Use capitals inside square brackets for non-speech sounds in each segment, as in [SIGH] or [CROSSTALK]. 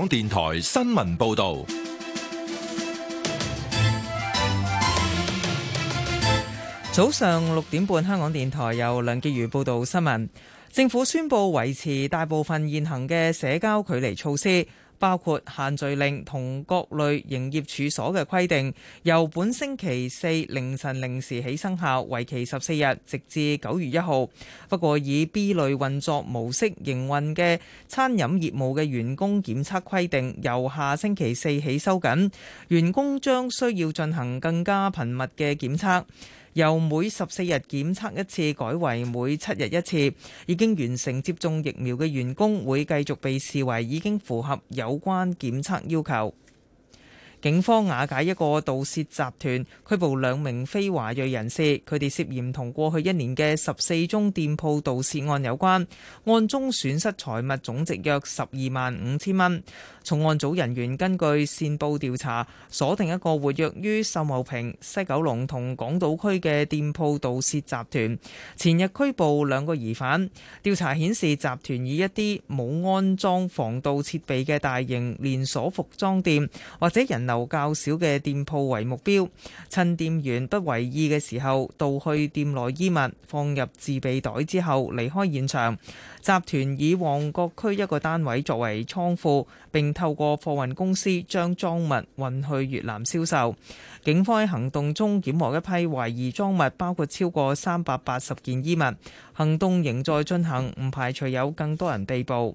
香港電台新聞報道。早上六點半，香港電台由梁潔如報道新聞。政府宣布維持大部分現行嘅社交距離措施。包括限聚令同各類營業處所嘅規定，由本星期四凌晨零時起生效，為期十四日，直至九月一號。不過，以 B 類運作模式營運嘅餐飲業務嘅員工檢測規定，由下星期四起收緊，員工將需要進行更加頻密嘅檢測。由每十四日檢測一次改為每七日一次，已經完成接種疫苗嘅員工會繼續被視為已經符合有關檢測要求。警方瓦解一個盜竊集團，拘捕兩名非華裔人士，佢哋涉嫌同過去一年嘅十四宗店鋪盜竊案有關，案中損失財物總值約十二萬五千蚊。重案組人員根據線報調查，鎖定一個活躍於秀茂坪、西九龍同港島區嘅店鋪盜竊集團。前日拘捕兩個疑犯。調查顯示，集團以一啲冇安裝防盜設備嘅大型連鎖服裝店或者人流較少嘅店鋪為目標，趁店員不為意嘅時候，盜去店內衣物，放入自備袋之後離開現場。集團以旺角區一個單位作為倉庫，並透過貨運公司將贓物運去越南銷售。警方喺行動中檢獲一批懷疑贓物，包括超過三百八十件衣物。行動仍在進行，唔排除有更多人被捕。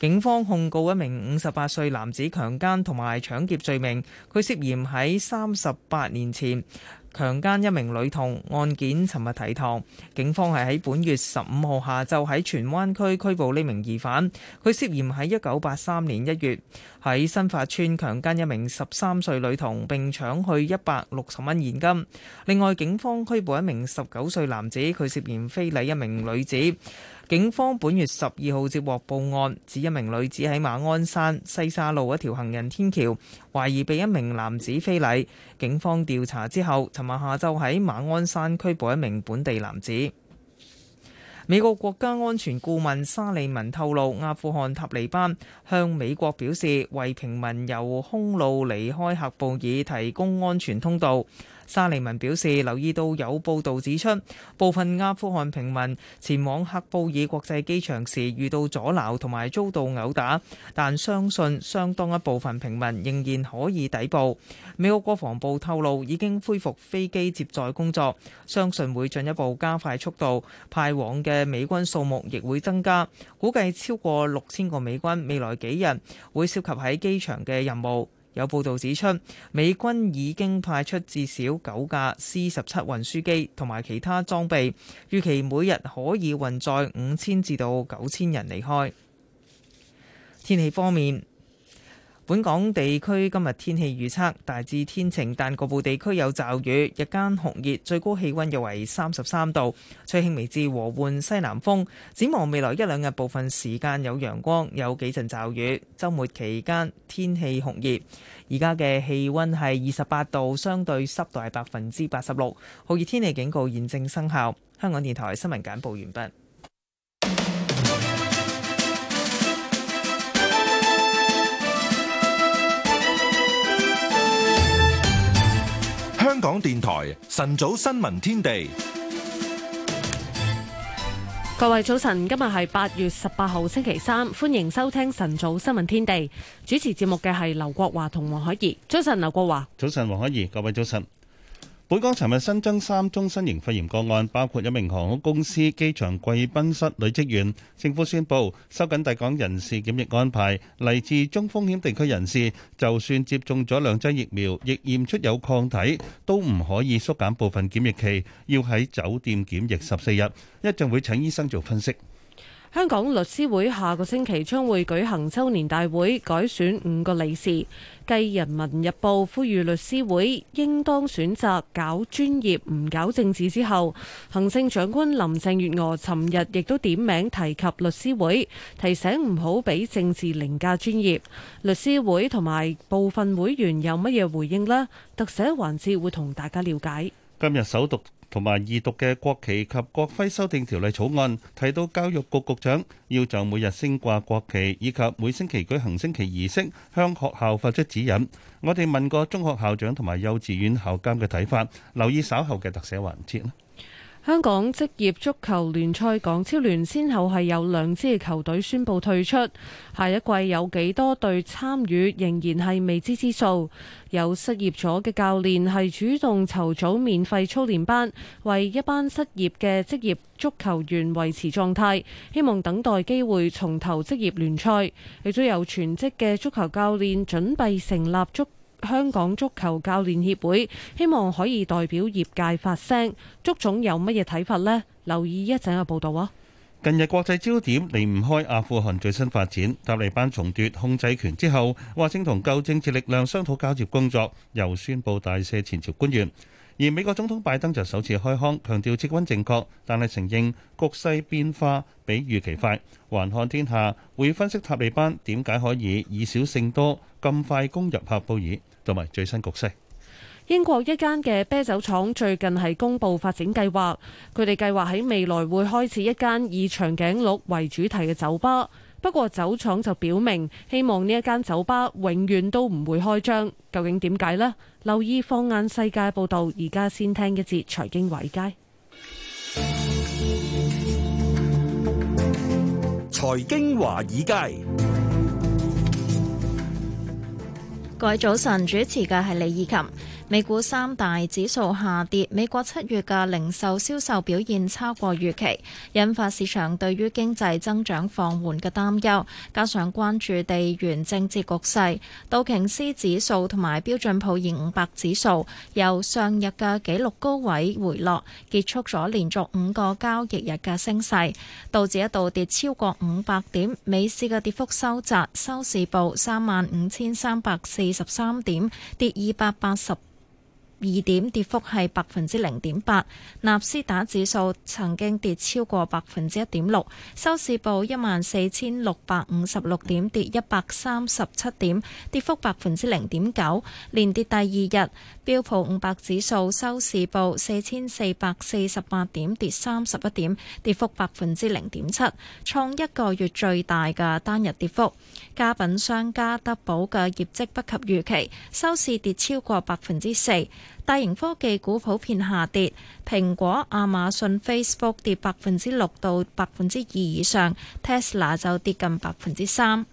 警方控告一名五十八歲男子強姦同埋搶劫罪名，佢涉嫌喺三十八年前強姦一名女童案件，尋日提堂。警方係喺本月十五號下晝喺荃灣區拘捕呢名疑犯，佢涉嫌喺一九八三年一月喺新發村強姦一名十三歲女童並搶去一百六十蚊現金。另外，警方拘捕一名十九歲男子，佢涉嫌非禮一名女子。警方本月十二號接獲報案，指一名女子喺馬鞍山西沙路一條行人天橋，懷疑被一名男子非禮。警方調查之後，尋日下晝喺馬鞍山拘捕一名本地男子。美國國家安全顧問沙利文透露，阿富汗塔利班向美國表示，為平民由空路離開喀布爾提供安全通道。沙利文表示，留意到有報道指出，部分阿富汗平民前往喀布爾國際機場時遇到阻撓同埋遭到毆打，但相信相當一部分平民仍然可以抵步。美國國防部透露已經恢復飛機接載工作，相信會進一步加快速度，派往嘅美軍數目亦會增加，估計超過六千個美軍未來幾日會涉及喺機場嘅任務。有報道指出，美軍已經派出至少九架 C 十七運輸機同埋其他裝備，預期每日可以運載五千至到九千人離開。天氣方面。本港地區今日天氣預測，大致天晴，但局部地區有驟雨，日間酷熱，最高氣溫約為三十三度，吹輕微至和緩西南風，展望未來一兩日，部分時間有陽光，有幾陣驟雨。周末期間天氣酷熱，而家嘅氣溫係二十八度，相對濕度係百分之八十六，酷熱天氣警告現正生效。香港電台新聞簡報完畢。香港電台晨早新聞天地，各位早晨，今日係八月十八號星期三，歡迎收聽晨早新聞天地。主持節目嘅係劉國華同黃海怡。早晨，劉國華。早晨，黃海怡。各位早晨。本港尋日新增三宗新型肺炎個案，包括一名航空公司機場貴賓室女職員。政府宣布收緊抵港人士檢疫安排，嚟自中風險地區人士，就算接種咗兩劑疫苗，亦驗出有抗體，都唔可以縮減部分檢疫期，要喺酒店檢疫十四日。一陣會請醫生做分析。香港律師會下個星期將會舉行周年大會，改選五個理事。繼《人民日報》呼籲律師會應當選擇搞專業唔搞政治之後，行政長官林鄭月娥尋日亦都點名提及律師會，提醒唔好俾政治凌駕專業。律師會同埋部分會員有乜嘢回應呢？特寫環節會同大家了解。今日首讀，同埋二讀嘅國旗及國徽修訂條例草案提到，教育局局長要就每日升掛國旗以及每星期舉行升旗儀式向學校發出指引。我哋問過中學校長同埋幼稚園校監嘅睇法，留意稍後嘅特寫環節。香港職業足球聯賽港超聯先後係有兩支球隊宣布退出，下一季有幾多隊參與仍然係未知之數。有失業咗嘅教練係主動籌組免費操練班，為一班失業嘅職業足球員維持狀態，希望等待機會重投職業聯賽。亦都有全職嘅足球教練準備成立足。香港足球教練協會希望可以代表業界發聲，足總有乜嘢睇法呢？留意一陣嘅報道啊！近日國際焦點離唔開阿富汗最新發展，塔利班重奪控制權之後，話政同舊政治力量商討交接工作，又宣布大赦前朝官員。而美國總統拜登就首次開腔，強調撤軍正確，但係承認局勢變化比預期快。環看天下會分析塔利班點解可以以少勝多，咁快攻入喀布爾，同埋最新局勢。英國一間嘅啤酒廠最近係公佈發展計劃，佢哋計劃喺未來會開始一間以長頸鹿為主題嘅酒吧。不過酒廠就表明希望呢一間酒吧永遠都唔會開張，究竟點解呢？留意放眼世界報道，而家先聽一節財經華爾街。財經華爾街，各位早晨，主持嘅係李以琴。美股三大指數下跌，美國七月嘅零售銷售表現差過預期，引發市場對於經濟增長放緩嘅擔憂，加上關注地緣政治局勢，道瓊斯指數同埋標準普爾五百指數由上日嘅紀錄高位回落，結束咗連續五個交易日嘅升勢，導致一度跌超過五百點。美市嘅跌幅收窄，收市報三萬五千三百四十三點，跌二百八十。二點跌幅係百分之零點八，納斯達指數曾經跌超過百分之一點六，收市報一萬四千六百五十六點，跌一百三十七點，跌幅百分之零點九，連跌第二日。標普五百指數收市報四千四百四十八點，跌三十一點，跌幅百分之零點七，創一個月最大嘅單日跌幅。家品商家得寶嘅業績不及預期，收市跌超過百分之四。大型科技股普遍下跌，蘋果、亞馬遜、Facebook 跌百分之六到百分之二以上，Tesla 就跌近百分之三。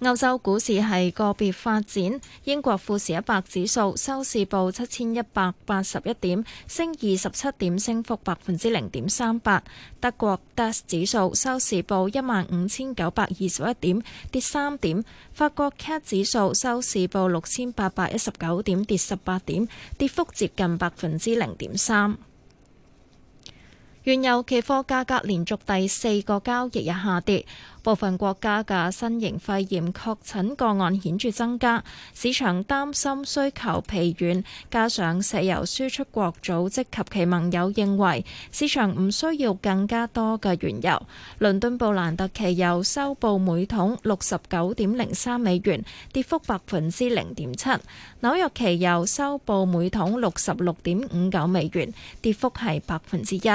歐洲股市係個別發展，英國富時一百指數收市報七千一百八十一點，升二十七點，升幅百分之零點三八。德國 DAX 指數收市報一萬五千九百二十一點，跌三點。法國 CAC 指數收市報六千八百一十九點，跌十八點，跌幅接近百分之零點三。原油期貨價格連續第四個交易日下跌，部分國家嘅新型肺炎確診個案顯著增加，市場擔心需求疲軟，加上石油輸出國組織及其盟友認為市場唔需要更加多嘅原油。倫敦布蘭特期油收報每桶六十九點零三美元，跌幅百分之零點七；紐約期油收報每桶六十六點五九美元，跌幅係百分之一。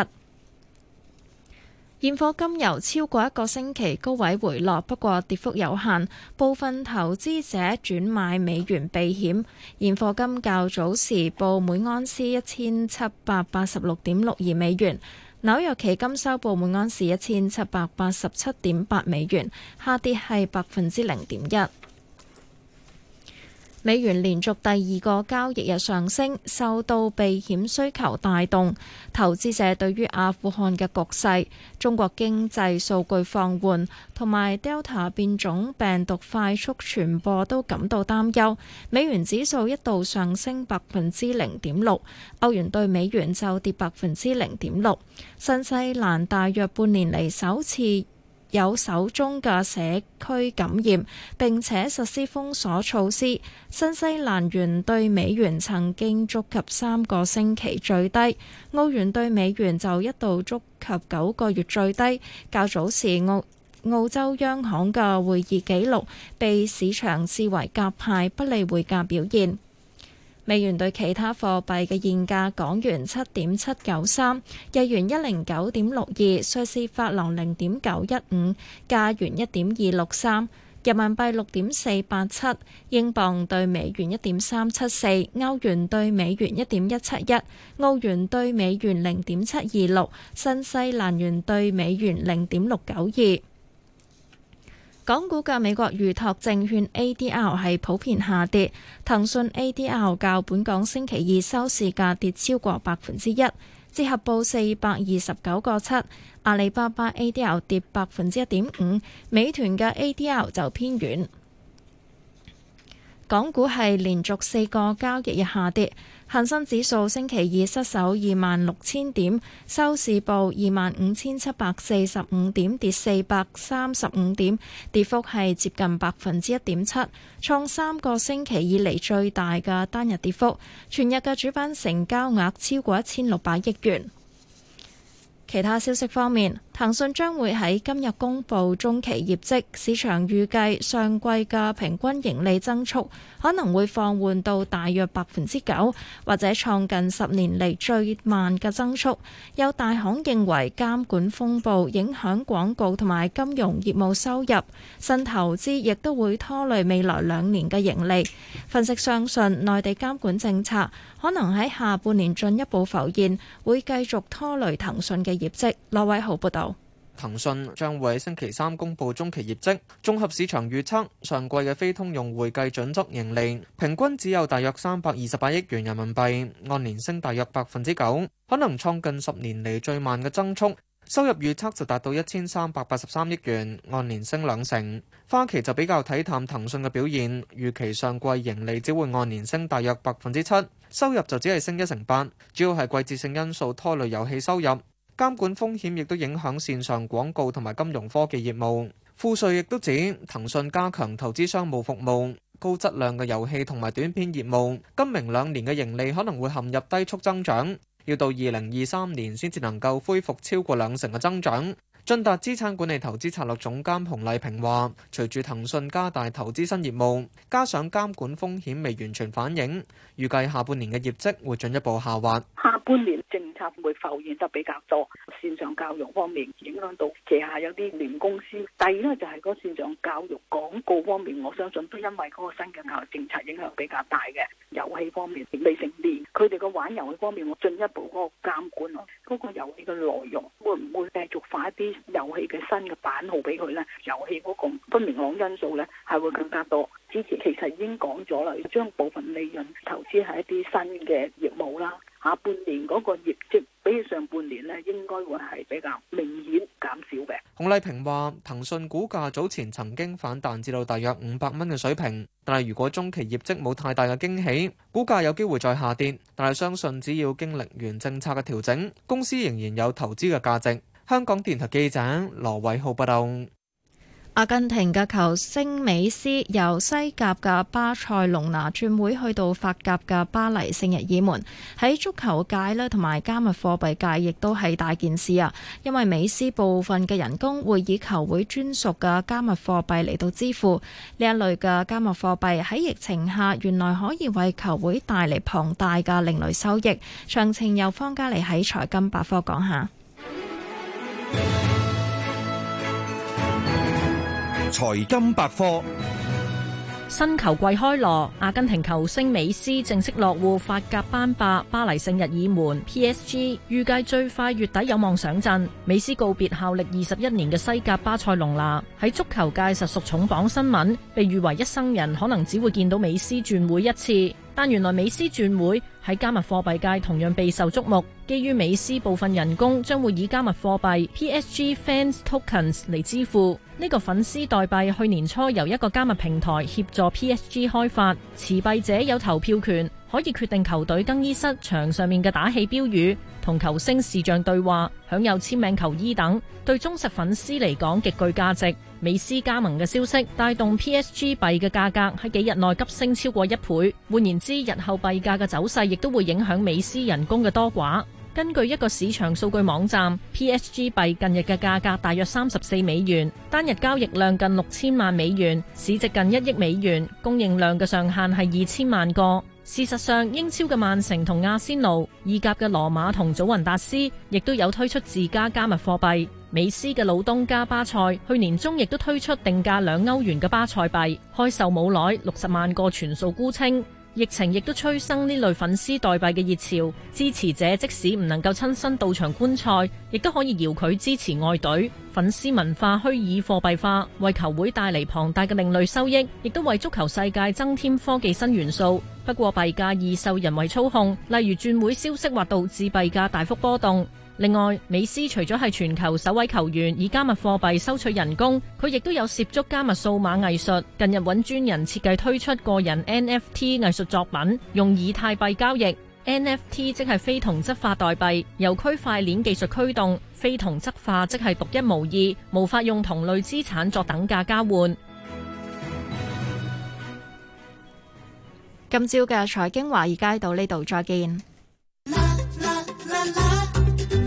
現貨金由超過一個星期高位回落，不過跌幅有限。部分投資者轉買美元避險。現貨金較早時報每盎司一千七百八十六點六二美元，紐約期金收報每盎司一千七百八十七點八美元，下跌係百分之零點一。美元連續第二個交易日上升，受到避險需求帶動。投資者對於阿富汗嘅局勢、中國經濟數據放緩同埋 Delta 變種病毒快速傳播都感到擔憂。美元指數一度上升百分之零點六，歐元對美元就跌百分之零點六。新西蘭大約半年嚟首次。有手中嘅社區感染，並且實施封鎖措施。新西蘭元對美元曾經觸及三個星期最低，澳元對美元就一度觸及九個月最低。較早時澳澳洲央行嘅會議紀錄被市場視為鴿派，不利匯價表現。美元對其他貨幣嘅現價：港元七點七九三，日元一零九點六二，瑞士法郎零點九一五，加元一點二六三，人民幣六點四八七，英鎊對美元一點三七四，歐元對美元一點一七一，澳元對美元零點七二六，新西蘭元對美元零點六九二。港股嘅美國預託證券 A D R 係普遍下跌，騰訊 A D R 較本港星期二收市價跌超過百分之一，折合報四百二十九個七，阿里巴巴 A D R 跌百分之一點五，美團嘅 A D R 就偏軟，港股係連續四個交易日下跌。恒生指數星期二失守二萬六千點，收市報二萬五千七百四十五點，跌四百三十五點，跌幅係接近百分之一點七，創三個星期以嚟最大嘅單日跌幅。全日嘅主板成交額超過一千六百億元。其他消息方面。騰訊將會喺今日公布中期業績，市場預計上季嘅平均盈利增速可能會放緩到大約百分之九，或者創近十年嚟最慢嘅增速。有大行認為監管風暴影響廣告同埋金融業務收入，新投資亦都會拖累未來兩年嘅盈利。分析相信內地監管政策可能喺下半年進一步浮現，會繼續拖累騰訊嘅業績，羅偉豪報道。騰訊將會喺星期三公布中期業績，綜合市場預測，上季嘅非通用會計準則盈利平均只有大約三百二十八億元人民幣，按年升大約百分之九，可能創近十年嚟最慢嘅增速。收入預測就達到一千三百八十三億元，按年升兩成。花旗就比較睇淡騰訊嘅表現，預期上季盈利只會按年升大約百分之七，收入就只係升一成八，主要係季節性因素拖累遊戲收入。監管風險亦都影響線上廣告同埋金融科技業務。富瑞亦都指騰訊加強投資商務服務、高質量嘅遊戲同埋短片業務。今明兩年嘅盈利可能會陷入低速增長，要到二零二三年先至能夠恢復超過兩成嘅增長。俊達資產管理投資策略總監洪麗萍話，隨住騰訊加大投資新業務，加上監管風險未完全反映，預計下半年嘅業績會進一步下滑。下半年政策會浮現得比較多，線上教育方面影響到旗下有啲年公司。第二咧就係個線上教育廣告方面，我相信都因為嗰個新嘅教育政策影響比較大嘅。遊戲方面未成年，佢哋個玩遊戲方面會進一步嗰個監管咯，嗰個遊戲嘅內容會唔會繼續快啲？遊戲嘅新嘅版號俾佢咧，遊戲嗰個不明朗因素咧，係會更加多。之前其實已經講咗啦，要將部分利潤投資喺一啲新嘅業務啦。下半年嗰個業績比起上半年咧，應該會係比較明顯減少嘅。洪麗萍話，騰訊股價早前曾經反彈至到大約五百蚊嘅水平，但係如果中期業績冇太大嘅驚喜，股價有機會再下跌。但係相信只要經歷完政策嘅調整，公司仍然有投資嘅價值。香港電台記者羅偉浩報道：阿根廷嘅球星美斯由西甲嘅巴塞隆拿轉會去到法甲嘅巴黎聖日耳門，喺足球界咧，同埋加密貨幣界亦都係大件事啊。因為美斯部分嘅人工會以球會專屬嘅加密貨幣嚟到支付，呢一類嘅加密貨幣喺疫情下，原來可以為球會帶嚟龐大嘅另類收益。詳情由方嘉利喺財金百科講下。財金百科。新球季開鑼，阿根廷球星美斯正式落戶法甲班霸巴黎聖日耳門 （PSG），預計最快月底有望上陣。美斯告別效力二十一年嘅西甲巴塞隆拿，喺足球界實屬重磅新聞，被譽為一生人可能只會見到美斯轉會一次。但原來美斯轉會喺加密貨幣界同樣備受矚目。基於美斯部分人工將會以加密貨幣 PSG Fans Tokens 嚟支付。呢、這個粉絲代幣去年初由一個加密平台協助 PSG 開發，持幣者有投票權，可以決定球隊更衣室牆上面嘅打氣標語、同球星視像對話、享有簽名球衣等，對忠實粉絲嚟講極具價值。美斯加盟嘅消息帶動 PSG 幣嘅價格喺幾日內急升超過一倍，換言之，日後幣價嘅走勢亦都會影響美斯人工嘅多寡。根據一個市場數據網站，PSG 幣近日嘅價格大約三十四美元，單日交易量近六千萬美元，市值近一億美元，供應量嘅上限係二千萬個。事實上，英超嘅曼城同阿仙奴，意甲嘅羅馬同祖雲達斯，亦都有推出自家加密貨幣。美斯嘅老東家巴塞去年中亦都推出定價兩歐元嘅巴塞幣，開售冇耐，六十萬個全數沽清。疫情亦都催生呢類粉絲代幣嘅熱潮，支持者即使唔能夠親身到場觀賽，亦都可以遙距支持外隊。粉絲文化虛擬貨幣化為球會帶嚟龐大嘅另類收益，亦都為足球世界增添科技新元素。不過幣價易受人為操控，例如轉會消息或導致幣價大幅波動。另外，美斯除咗係全球首位球員以加密貨幣收取人工，佢亦都有涉足加密數碼藝術。近日揾專人設計推出個人 NFT 藝術作品，用以太幣交易。NFT 即係非同質化代幣，由區塊鏈技術驅動。非同質化即係獨一無二，無法用同類資產作等價交換。今朝嘅財經華爾街到呢度，再見。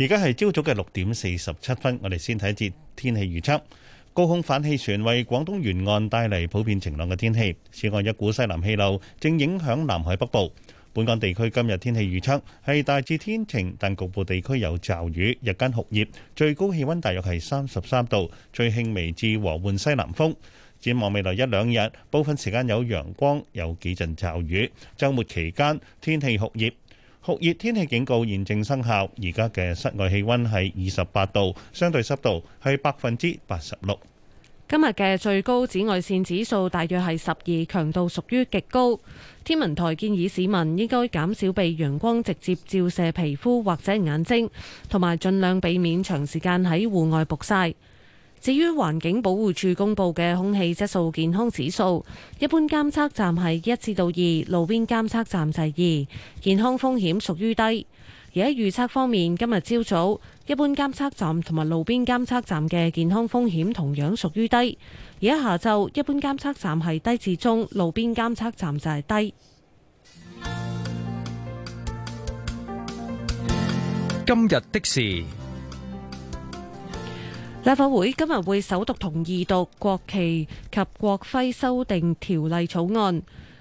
而家係朝早嘅六點四十七分，我哋先睇一節天氣預測。高空反氣旋為廣東沿岸帶嚟普遍晴朗嘅天氣。此外，一股西南氣流正影響南海北部。本港地區今日天氣預測係大致天晴，但局部地區有驟雨。日間酷熱，最高氣溫大約係三十三度。吹輕微至和緩西南風。展望未來一兩日，部分時間有陽光，有幾陣驟雨。周末期間天氣酷熱。酷熱天氣警告現正生效，而家嘅室外氣溫係二十八度，相對濕度係百分之八十六。今日嘅最高紫外線指數大約係十二，強度屬於極高。天文台建議市民應該減少被陽光直接照射皮膚或者眼睛，同埋盡量避免長時間喺戶外曝曬。至於環境保護署公布嘅空氣質素健康指數，一般監測站係一至到二，路邊監測站就係二，健康風險屬於低。而喺預測方面，今日朝早一般監測站同埋路邊監測站嘅健康風險同樣屬於低。而喺下晝，一般監測站係低至中，路邊監測站就係低。今日的事。立法會今日會首讀同二讀國旗及國徽修訂條例草案，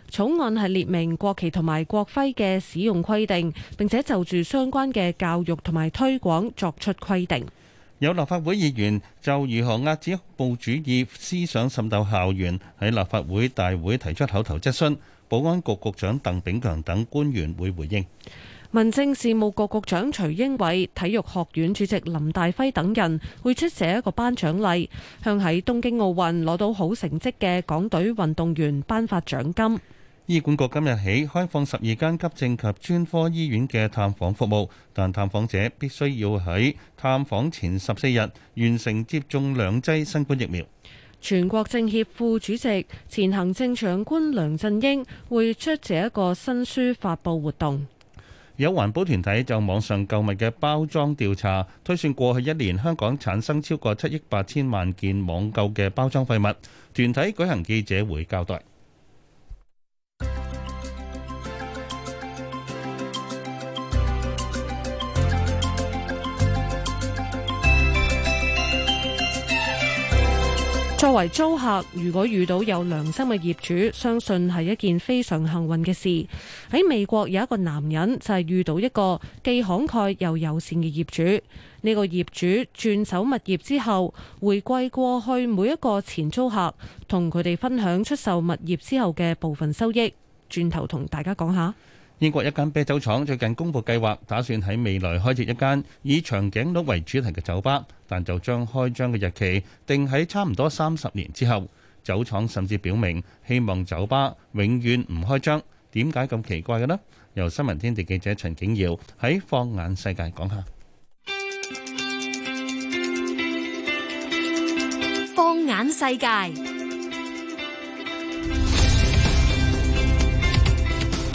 草案係列明國旗同埋國徽嘅使用規定，並且就住相關嘅教育同埋推廣作出規定。有立法會議員就如何遏止恐怖主義思想滲透校園喺立法會大會提出口頭質詢，保安局局長鄧炳強等官員會回應。民政事務局局長徐英偉、體育學院主席林大輝等人會出席一個頒獎禮，向喺東京奧運攞到好成績嘅港隊運動員頒發獎金。醫管局今日起開放十二間急症及專科醫院嘅探訪服務，但探訪者必須要喺探訪前十四日完成接種兩劑新冠疫苗。全國政協副主席、前行政長官梁振英會出席一個新書發佈活動。有環保團體就網上購物嘅包裝調查，推算過去一年香港產生超過七億八千萬件網購嘅包裝廢物。團體舉行記者會交代。作為租客，如果遇到有良心嘅業主，相信係一件非常幸運嘅事。喺美國有一個男人就係遇到一個既慷慨又友善嘅業主。呢個業主轉手物業之後，回饋過去每一個前租客，同佢哋分享出售物業之後嘅部分收益。轉頭同大家講下。英國一間啤酒廠最近公布計劃，打算喺未來開設一間以長頸鹿為主題嘅酒吧，但就將開張嘅日期定喺差唔多三十年之後。酒廠甚至表明希望酒吧永遠唔開張。點解咁奇怪嘅呢？由新聞天地記者陳景耀喺《放眼世界》講下。放眼世界。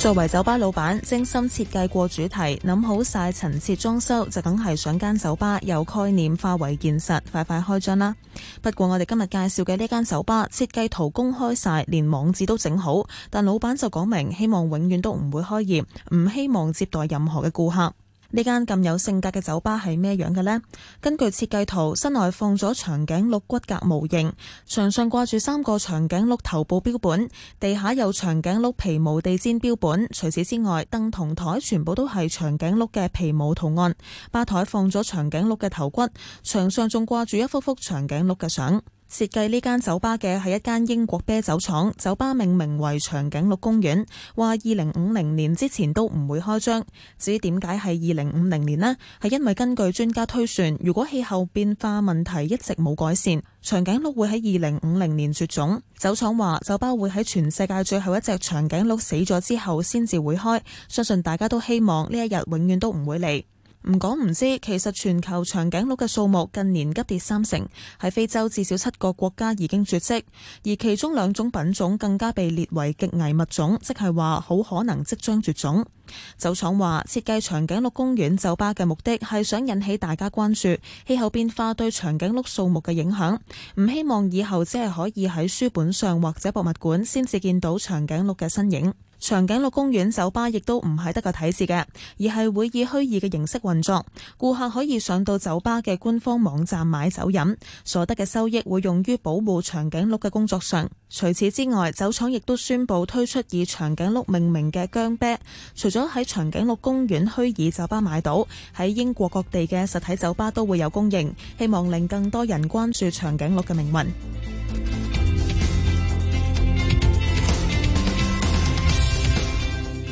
作為酒吧老闆，精心設計過主題，諗好晒陳設裝修，就梗係想間酒吧有概念化為現實，快快開張啦！不過我哋今日介紹嘅呢間酒吧設計圖公開晒，連網址都整好，但老闆就講明希望永遠都唔會開業，唔希望接待任何嘅顧客。呢間咁有性格嘅酒吧係咩樣嘅呢？根據設計圖，室內放咗長頸鹿骨骼模型，牆上掛住三個長頸鹿頭部標本，地下有長頸鹿皮毛地氈標本。除此之外，凳同台全部都係長頸鹿嘅皮毛圖案。吧台放咗長頸鹿嘅頭骨，牆上仲掛住一幅幅長頸鹿嘅相。設計呢間酒吧嘅係一間英國啤酒廠，酒吧命名為長頸鹿公園，話二零五零年之前都唔會開張。至於點解係二零五零年呢？係因為根據專家推算，如果氣候變化問題一直冇改善，長頸鹿會喺二零五零年絕種。酒廠話，酒吧會喺全世界最後一隻長頸鹿死咗之後先至會開，相信大家都希望呢一日永遠都唔會嚟。唔講唔知，其實全球長頸鹿嘅數目近年急跌三成，喺非洲至少七個國家已經絕跡，而其中兩種品種更加被列為極危物種，即係話好可能即將絕種。酒廠話設計長頸鹿公園酒吧嘅目的係想引起大家關注氣候變化對長頸鹿數目嘅影響，唔希望以後只係可以喺書本上或者博物館先至見到長頸鹿嘅身影。長頸鹿公園酒吧亦都唔係得個睇字嘅，而係會以虛擬嘅形式運作。顧客可以上到酒吧嘅官方網站買酒飲，所得嘅收益會用於保護長頸鹿嘅工作上。除此之外，酒廠亦都宣布推出以長頸鹿命名嘅薑啤，除咗喺長頸鹿公園虛擬酒吧買到，喺英國各地嘅實體酒吧都會有供應，希望令更多人關注長頸鹿嘅命運。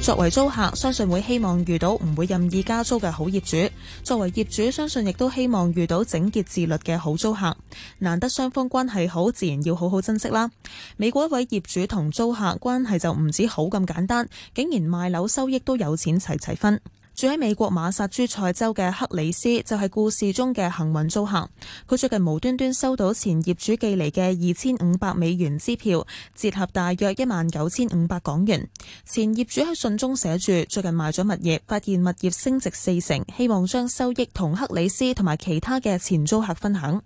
作為租客，相信會希望遇到唔會任意加租嘅好業主；作為業主，相信亦都希望遇到整潔自律嘅好租客。難得雙方關係好，自然要好好珍惜啦。美國一位業主同租客關係就唔止好咁簡單，竟然賣樓收益都有錢齊齊分。住喺美國馬薩諸塞州嘅克里斯就係故事中嘅幸運租客。佢最近無端端收到前業主寄嚟嘅二千五百美元支票，折合大約一萬九千五百港元。前業主喺信中寫住，最近賣咗物業，發現物業升值四成，希望將收益同克里斯同埋其他嘅前租客分享。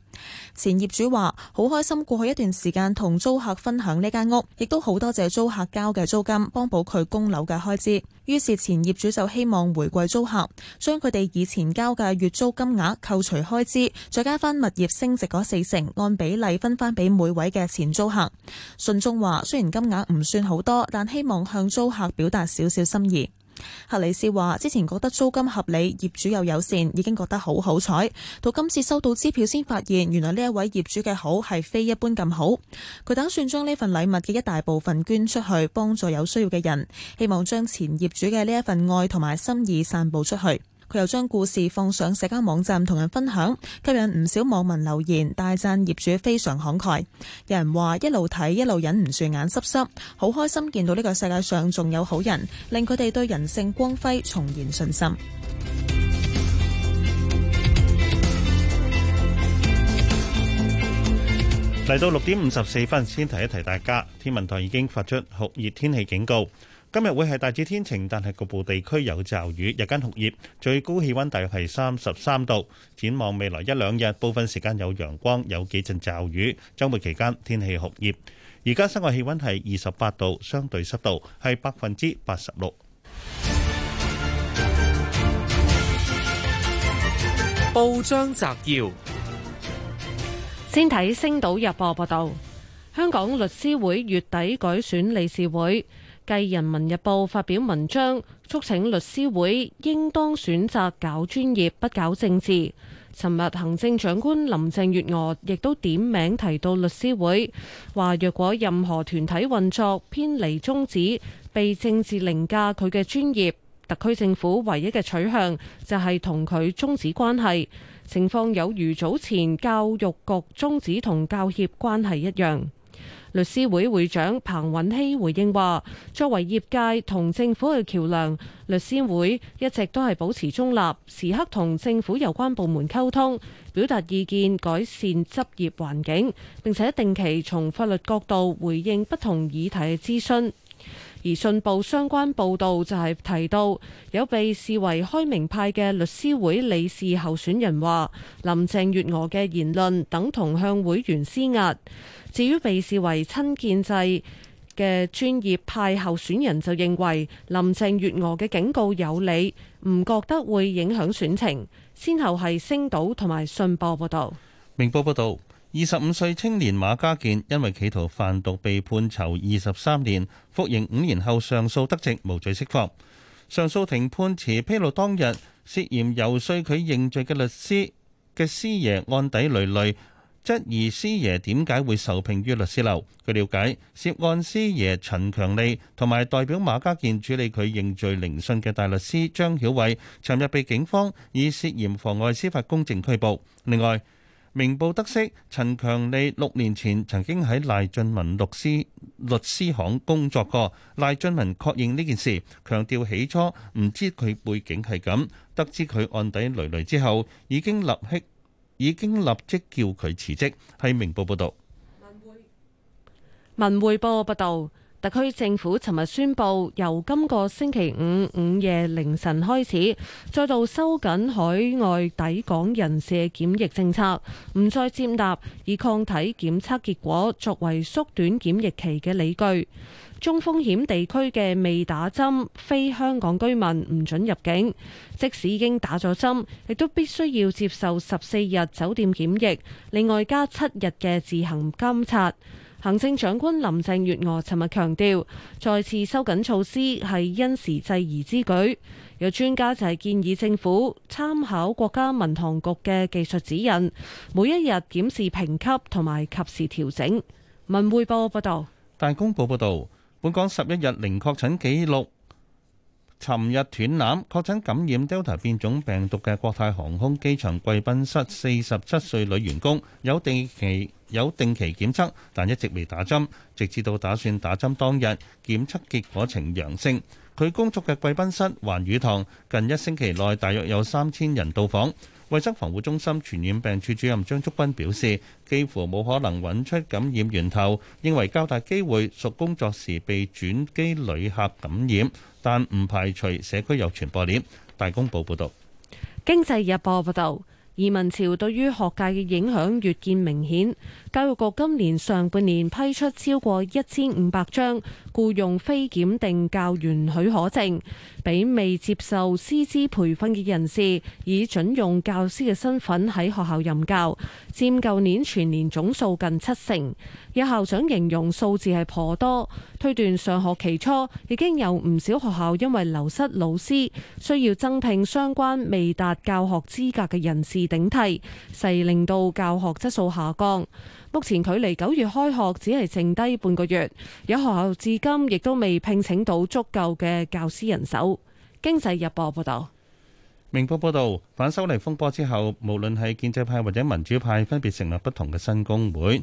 前業主話：好開心過去一段時間同租客分享呢間屋，亦都好多謝租客交嘅租金，幫補佢供樓嘅開支。於是前業主就希望回饋租客，將佢哋以前交嘅月租金額扣除開支，再加翻物業升值嗰四成，按比例分翻俾每位嘅前租客。信中話，雖然金額唔算好多，但希望向租客表達少少心意。克里斯話：之前覺得租金合理，業主又友善，已經覺得好好彩。到今次收到支票，先發現原來呢一位業主嘅好係非一般咁好。佢打算將呢份禮物嘅一大部分捐出去，幫助有需要嘅人，希望將前業主嘅呢一份愛同埋心意散布出去。佢又將故事放上社交網站同人分享，吸引唔少網民留言大讚業主非常慷慨。有人話一路睇一路忍唔住眼濕濕，好開心見到呢個世界上仲有好人，令佢哋對人性光輝重燃信心。嚟到六點五十四分，先提一提大家，天文台已經發出酷熱天氣警告。今日會係大致天晴，但係局部地區有驟雨，日間酷熱，最高氣溫大約係三十三度。展望未來一兩日，部分時間有陽光，有幾陣驟雨。週末期間天氣酷熱。而家室外氣溫係二十八度，相對濕度係百分之八十六。報章摘要，先睇《星島日報》報道：香港律師會月底改選理事會。繼《人民日報》發表文章促請律師會應當選擇搞專業不搞政治。尋日行政長官林鄭月娥亦都點名提到律師會，話若果任何團體運作偏離宗旨，被政治凌駕佢嘅專業，特區政府唯一嘅取向就係同佢終止關係。情況有如早前教育局終止同教協關係一樣。律師會會長彭允熙回應話，作為業界同政府嘅橋梁，律師會一直都係保持中立，時刻同政府有關部門溝通，表達意見，改善執業環境，並且定期從法律角度回應不同議題嘅諮詢。而信報相關報導就係提到，有被視為開明派嘅律師會理事候選人話，林鄭月娥嘅言論等同向會員施壓。至於被視為親建制嘅專業派候選人，就認為林鄭月娥嘅警告有理，唔覺得會影響選情。先後係星島同埋信報報道。明報報道，二十五歲青年馬家健因為企圖販毒被判囚二十三年，服刑五年後上訴得直，無罪釋放。上訴庭判詞披露，當日涉嫌游說佢認罪嘅律師嘅師爺案底累累。質疑師爺點解會受聘於律師樓？據了解，涉案師爺陳強利同埋代表馬家健處理佢認罪聆訊嘅大律師張曉偉，尋日被警方以涉嫌妨礙司法公正拘捕。另外，明報得悉，陳強利六年前曾經喺賴俊文律師律師行工作過。賴俊文確認呢件事，強調起初唔知佢背景係咁，得知佢案底累累之後，已經立即已經立即叫佢辭職。喺《明報》報道，文匯匯文匯報報道。特區政府尋日宣布，由今個星期五午夜凌晨開始，再度收緊海外抵港人士嘅檢疫政策，唔再接納以抗體檢測結果作為縮短檢疫期嘅理據。中風險地區嘅未打針非香港居民唔准入境，即使已經打咗針，亦都必須要接受十四日酒店檢疫，另外加七日嘅自行監察。行政長官林鄭月娥尋日強調，再次收緊措施係因時制宜之舉。有專家就係建議政府參考國家民航局嘅技術指引，每一日檢視評級同埋及時調整。文匯報報道。大公報報道，本港十一日零確診記錄。尋日斷纜，確診感染 Delta 變種病毒嘅國泰航空機場貴賓室四十七歲女員工，有定期有定期檢測，但一直未打針，直至到打算打針當日，檢測結果呈陽性。佢工作嘅貴賓室環宇堂近一星期內大約有三千人到訪。衛生防護中心傳染病處主任張竹君表示，幾乎冇可能搵出感染源頭，認為較大機會屬工作時被轉機旅客感染，但唔排除社區有傳播鏈。大公報報道。經濟日報報道。移民潮對於學界嘅影響越見明顯。教育局今年上半年批出超過一千五百張僱用非檢定教員許可證，畀未接受師資培訓嘅人士以準用教師嘅身份喺學校任教，佔舊年全年總數近七成。有校長形容數字係頗多，推斷上學期初已經有唔少學校因為流失老師，需要增聘相關未達教學資格嘅人士頂替，勢令到教學質素下降。目前距離九月開學只係剩低半個月，有學校至今亦都未聘請到足夠嘅教師人手。經濟日報報導，明報報導，反修例風波之後，無論係建制派或者民主派，分別成立不同嘅新工會。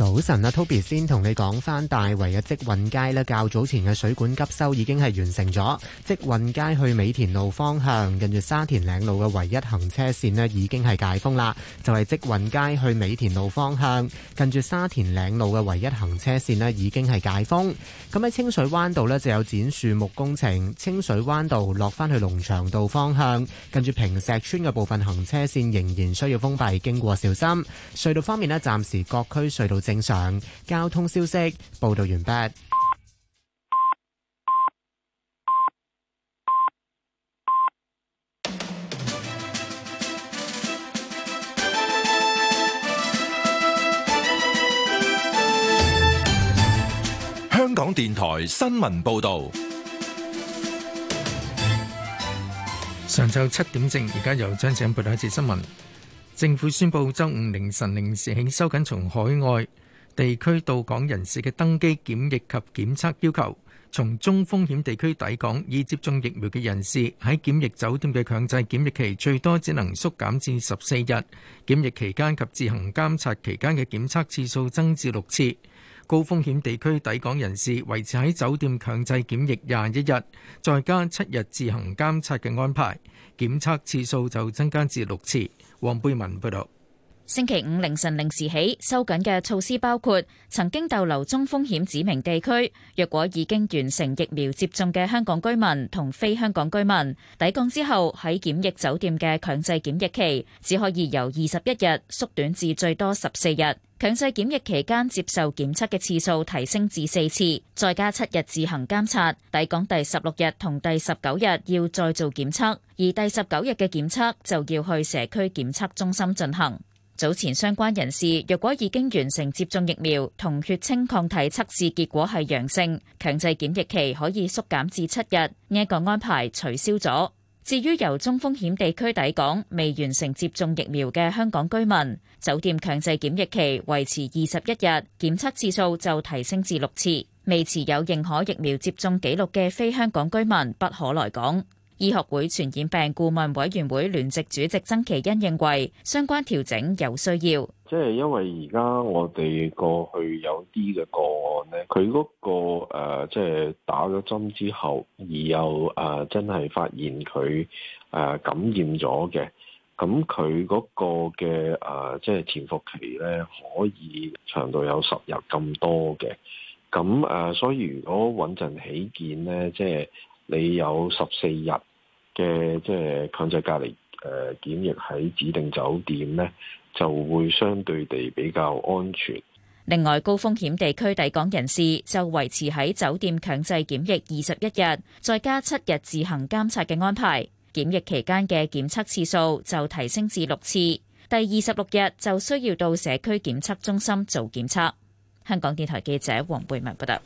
早晨啊，Toby 先同你講翻大圍嘅積運街呢，較早前嘅水管急修已經係完成咗。積運街去美田路方向，近住沙田嶺路嘅唯一行車線呢，已經係解封啦。就係積運街去美田路方向，近住沙田嶺路嘅唯一行車線呢，已經係解封。咁喺清水灣道呢就有剪樹木工程，清水灣道落返去農場道方向，近住平石村嘅部分行車線仍然需要封閉，經過小心。隧道方面呢，暫時各區隧道。正常交通消息報道完畢。香港電台新聞報道。上晝七點正，而家由張子欣報道一節新聞。政府宣布，周五凌晨零時起，收緊從海外地區到港人士嘅登機檢疫及檢測要求。從中風險地區抵港已接種疫苗嘅人士，喺檢疫酒店嘅強制檢疫期最多只能縮減至十四日。檢疫期間及自行監察期間嘅檢測次數增至六次。高風險地區抵港人士維持喺酒店強制檢疫廿一日，再加七日自行監察嘅安排。檢測次數就增加至六次。黃貝文報導。星期五凌晨零時起，收緊嘅措施包括曾經逗留中風險指明地區。若果已經完成疫苗接種嘅香港居民同非香港居民抵港之後，喺檢疫酒店嘅強制檢疫期只可以由二十一日縮短至最多十四日。強制檢疫期間接受檢測嘅次數提升至四次，再加七日自行監察。抵港第十六日同第十九日要再做檢測，而第十九日嘅檢測就要去社區檢測中心進行。早前相關人士若果已經完成接種疫苗同血清抗體測試結果係陽性，強制檢疫期可以縮減至七日，呢個安排取消咗。至於由中風險地區抵港未完成接種疫苗嘅香港居民，酒店強制檢疫期維持二十一日，檢測次數就提升至六次。未持有認可疫苗接種紀錄嘅非香港居民不可來港。醫學會傳染病顧問委員會聯席主席曾其恩認為，相關調整有需要。即係因為而家我哋過去有啲嘅個案咧，佢嗰個誒，即係打咗針之後，而又誒真係發現佢誒感染咗嘅，咁佢嗰個嘅誒，即係潛伏期咧，可以長度有十日咁多嘅。咁誒，所以如果穩陣起見咧，即係你有十四日。嘅，即係強制隔離誒檢疫喺指定酒店呢，就會相對地比較安全。另外，高風險地區抵港人士就維持喺酒店強制檢疫二十一日，再加七日自行監察嘅安排。檢疫期間嘅檢測次數就提升至六次，第二十六日就需要到社區檢測中心做檢測。香港電台記者黃貝文報道。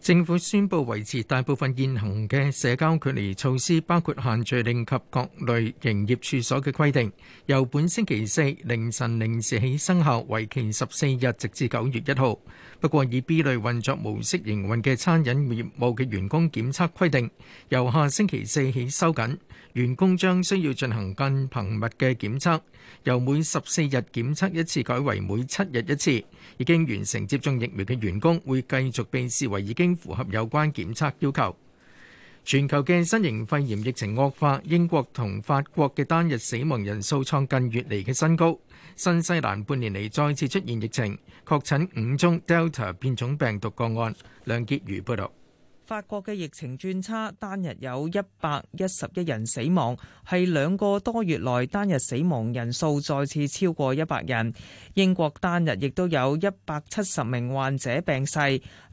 政府宣布維持大部分現行嘅社交距離措施，包括限聚令及各類營業處所嘅規定，由本星期四凌晨零時起生效，為期十四日，直至九月一號。不過，以 B 類運作模式營運嘅餐飲業務嘅員工檢測規定，由下星期四起收緊。員工將需要進行更頻密嘅檢測，由每十四日檢測一次改為每七日一次。已經完成接種疫苗嘅員工會繼續被視為已經符合有關檢測要求。全球嘅新型肺炎疫情惡化，英國同法國嘅單日死亡人數創近月嚟嘅新高。新西蘭半年嚟再次出現疫情，確診五宗 Delta 變種病毒個案。梁傑如報導。法國嘅疫情轉差，單日有一百一十一人死亡，係兩個多月內單日死亡人數再次超過一百人。英國單日亦都有一百七十名患者病逝，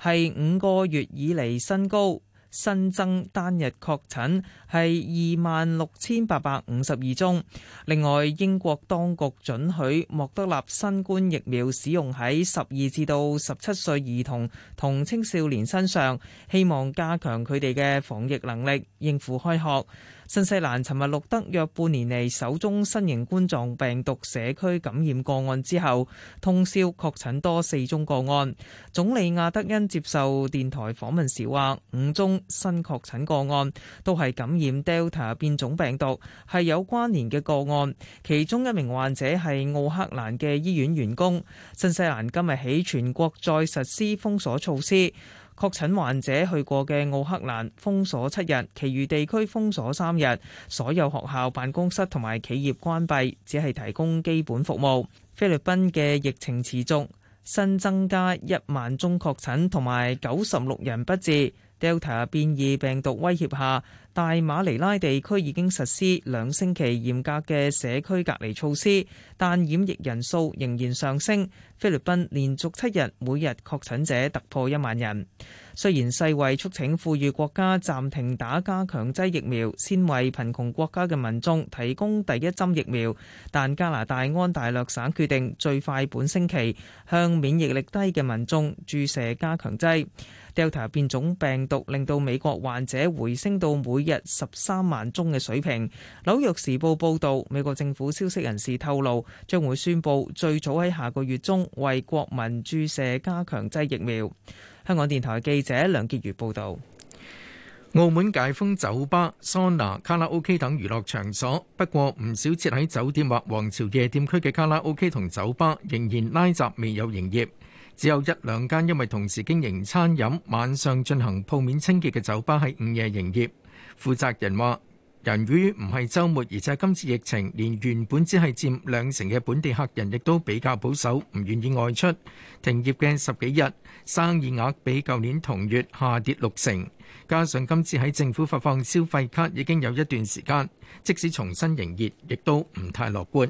係五個月以嚟新高。新增單日確診係二萬六千八百五十二宗。另外，英國當局准許莫德納新冠疫苗使用喺十二至到十七歲兒童同青少年身上，希望加強佢哋嘅防疫能力，應付開學。新西蘭尋日錄得約半年嚟首宗新型冠狀病毒社區感染個案之後，通宵確診多四宗個案。總理亞德恩接受電台訪問時話：五宗新確診個案都係感染 Delta 變種病毒，係有關連嘅個案。其中一名患者係奧克蘭嘅醫院員工。新西蘭今日起全國再實施封鎖措施。確診患者去過嘅奧克蘭封鎖七日，其餘地區封鎖三日，所有學校、辦公室同埋企業關閉，只係提供基本服務。菲律賓嘅疫情持續，新增加一萬宗確診，同埋九十六人不治。Delta 變異病毒威脅下，大馬尼拉地區已經實施兩星期嚴格嘅社區隔離措施，但染疫人數仍然上升。菲律賓連續七日每日確診者突破一萬人。雖然世衛促請富裕國家暫停打加強劑疫苗，先為貧窮國家嘅民眾提供第一針疫苗，但加拿大安大略省決定最快本星期向免疫力低嘅民眾注射加強劑。Delta 變種病毒令到美國患者回升到每日十三萬宗嘅水平。紐約時報報導，美國政府消息人士透露，將會宣布最早喺下個月中為國民注射加強劑疫苗。香港電台記者梁潔如報道。澳門解封酒吧、桑拿、卡拉 OK 等娛樂場所，不過唔少設喺酒店或皇朝夜店區嘅卡拉 OK 同酒吧仍然拉閘未有營業。只有一兩間因為同時經營餐飲，晚上進行鋪面清潔嘅酒吧喺午夜營業。負責人話：人魚唔係週末，而且今次疫情，連原本只係佔兩成嘅本地客人，亦都比較保守，唔願意外出。停業嘅十幾日，生意額比舊年同月下跌六成。加上今次喺政府發放消費卡已經有一段時間，即使重新營業，亦都唔太樂觀。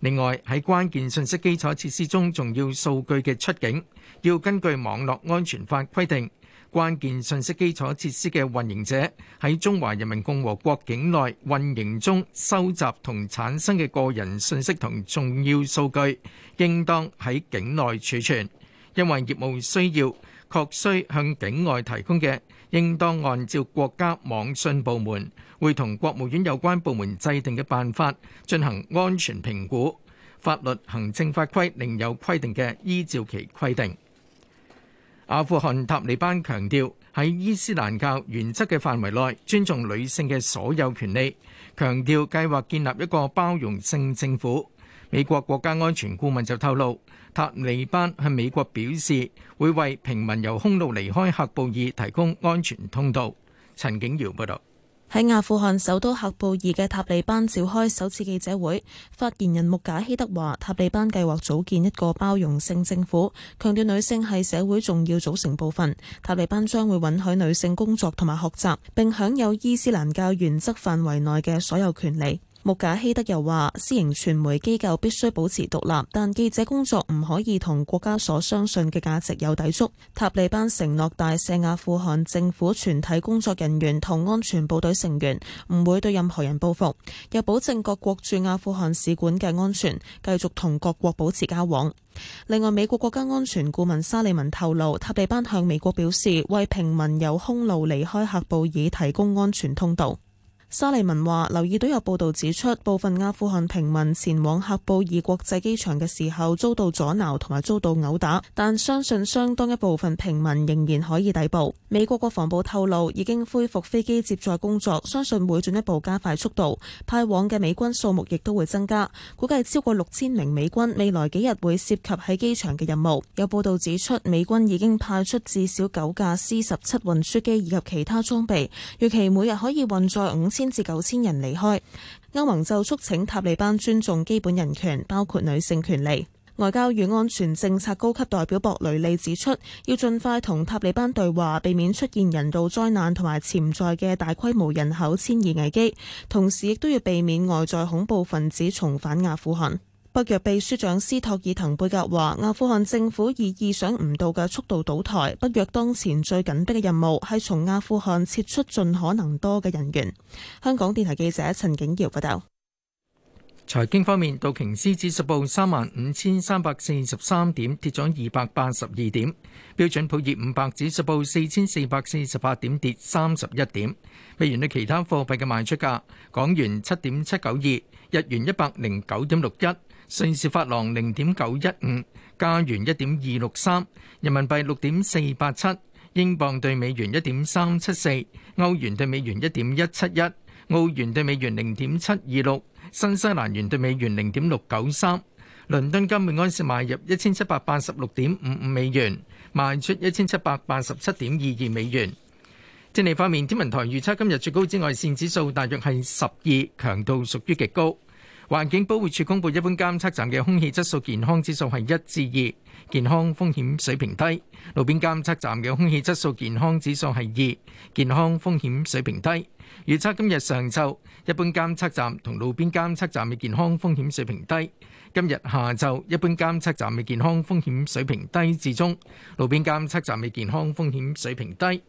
另外，喺關鍵信息基礎設施中重要數據嘅出境，要根據《網絡安全法》規定，關鍵信息基礎設施嘅運營者喺中華人民共和國境內運營中收集同產生嘅個人信息同重要數據，應當喺境內儲存，因為業務需要，確需向境外提供嘅。應當按照國家網信部門會同國務院有關部門制定嘅辦法進行安全評估，法律行政法規另有規定嘅，依照其規定。阿富汗塔利班強調，喺伊斯蘭教原則嘅範圍內尊重女性嘅所有權利，強調計劃建立一個包容性政府。美國國家安全顧問就透露。塔利班向美國表示，會為平民由空路離開喀布爾提供安全通道。陳景瑤報道，喺阿富汗首都喀布爾嘅塔利班召開首次記者會，發言人穆賈希德話：塔利班計劃組建一個包容性政府，強調女性係社會重要組成部分。塔利班將會允許女性工作同埋學習，並享有伊斯蘭教原則範圍內嘅所有權利。穆賈希德又話，私營傳媒機構必須保持獨立，但記者工作唔可以同國家所相信嘅價值有抵觸。塔利班承諾大赦阿富汗政府全體工作人員同安全部隊成員，唔會對任何人報復，又保證各國駐阿富汗使館嘅安全，繼續同各國保持交往。另外，美國國家安全顧問沙利文透露，塔利班向美國表示，為平民由空路離開喀布爾提供安全通道。沙利文話留意到有報道指出，部分阿富汗平民前往喀布爾國際機場嘅時候，遭到阻撓同埋遭到毆打，但相信相當一部分平民仍然可以抵步。美國國防部透露已經恢復飛機接載工作，相信會進一步加快速度，派往嘅美軍數目亦都會增加，估計超過六千名美軍未來幾日會涉及喺機場嘅任務。有報道指出，美軍已經派出至少九架 C 十七運輸機以及其他裝備，預期每日可以運載五千至九千人離開。歐盟就促請塔利班尊重基本人權，包括女性權利。外交與安全政策高級代表博雷利指出，要盡快同塔利班對話，避免出現人道災難同埋潛在嘅大規模人口遷移危機，同時亦都要避免外在恐怖分子重返阿富汗。北約秘書長斯托爾滕貝格話：阿富汗政府以意想唔到嘅速度倒台，北約當前最緊迫嘅任務係從阿富汗撤出盡可能多嘅人員。香港電台記者陳景堯報道。財經方面，道瓊斯指數報三萬五千三百四十三點，跌咗二百八十二點；標準普爾五百指數報四千四百四十八點，跌三十一點。美元兌其他貨幣嘅賣出價：港元七點七九二，日元一百零九點六一。瑞士法郎零點九一五，加元一點二六三，人民幣六點四八七，英鎊對美元一點三七四，歐元對美元一點一七一，澳元對美元零點七二六，新西蘭元對美元零點六九三。倫敦金每安士賣入一千七百八十六點五五美元，賣出一千七百八十七點二二美元。天氣方面，天文台預測今日最高紫外線指數大約係十二，強度屬於極高。環境保護署公布，一般監測站嘅空氣質素健康指數係一至二，健康風險水平低；路邊監測站嘅空氣質素健康指數係二，健康風險水平低。預測今日上晝，一般監測站同路邊監測站嘅健康風險水平低；今日下晝，一般監測站嘅健康風險水平低至中，路邊監測站嘅健康風險水平低。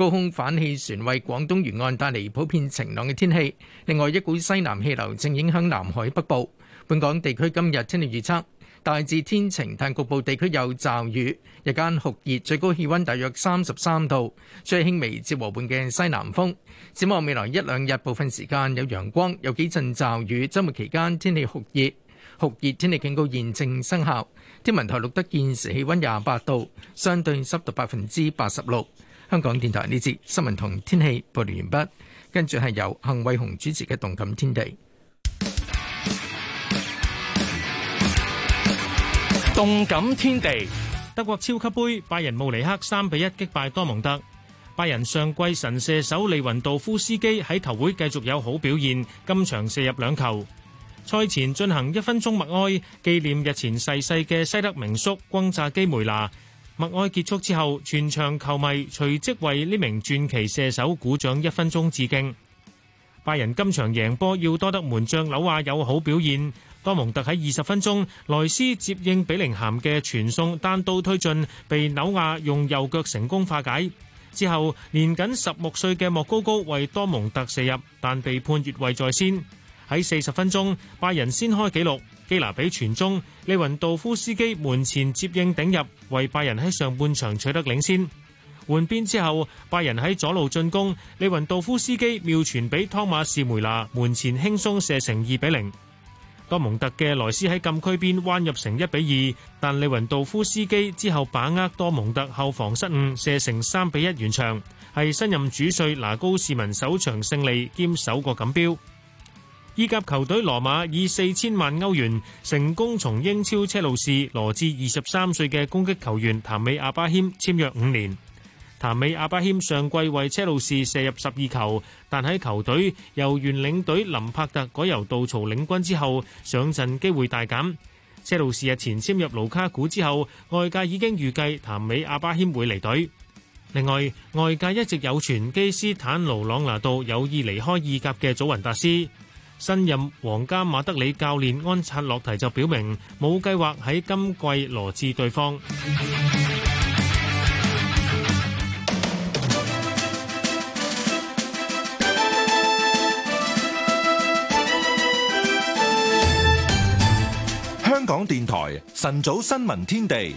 高空反氣旋為廣東沿岸帶嚟普遍晴朗嘅天氣，另外，一股西南氣流正影響南海北部本港地區。今日天氣預測大致天晴，但局部地區有驟雨。日間酷熱，最高氣溫大約三十三度，吹輕微至和緩嘅西南風，展望未來一兩日，部分時間有陽光，有幾陣驟雨。周末期間天氣酷熱，酷熱天氣警告現正生效。天文台錄得現時氣溫廿八度，相對濕度百分之八十六。香港電台呢節新聞，同天氣報料完畢，跟住係由幸偉雄主持嘅《動感天地》。動感天地，德國超級盃，拜仁慕尼黑三比一擊敗多蒙特。拜仁上季神射手利雲道夫斯基喺球會繼續有好表現，今場射入兩球。賽前進行一分鐘默哀，紀念日前逝世嘅西德名宿轟炸機梅拿。默哀結束之後，全場球迷隨即為呢名傳奇射手鼓掌一分鐘致敬。拜仁今場贏波要多得門將紐亞有好表現。多蒙特喺二十分鐘，萊斯接應比寧鹹嘅傳送單刀推進，被紐亞用右腳成功化解。之後，年僅十六歲嘅莫高高為多蒙特射入，但被判越位在先。喺四十分鐘，拜仁先開紀錄。基拿比傳中，利雲道夫斯基門前接應頂入，為拜仁喺上半場取得領先。換邊之後，拜仁喺左路進攻，利雲道夫斯基妙傳俾湯馬士梅拿，門前輕鬆射成二比零。多蒙特嘅萊斯喺禁區邊彎入成一比二，但利雲道夫斯基之後把握多蒙特後防失誤，射成三比一完場，係新任主帥拿高市民首場勝利兼首個錦標。意甲球隊羅馬以四千萬歐元成功從英超車路士羅致二十三歲嘅攻擊球員譚美阿巴謙，簽約五年。譚美阿巴謙上季為車路士射入十二球，但喺球隊由原領隊林柏特改由杜曹領軍之後，上陣機會大減。車路士日前簽入盧卡古之後，外界已經預計譚美阿巴謙會離隊。另外，外界一直有傳基斯坦奴朗拿度有意離開意甲嘅祖雲達斯。新任皇家馬德里教練安察洛提就表明冇計劃喺今季羅致對方。香港電台晨早新聞天地，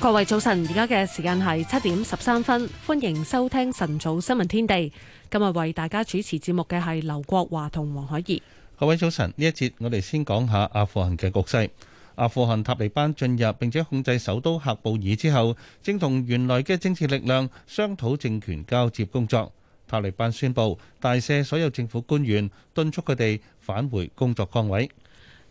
各位早晨，而家嘅時間係七點十三分，歡迎收聽晨早新聞天地。今日為大家主持節目嘅係劉國華同黃海怡。各位早晨，呢一節我哋先講下阿富汗嘅局勢。阿富汗塔利班進入並且控制首都喀布爾之後，正同原來嘅政治力量商討政權交接工作。塔利班宣布大赦所有政府官員，敦促佢哋返回工作崗位。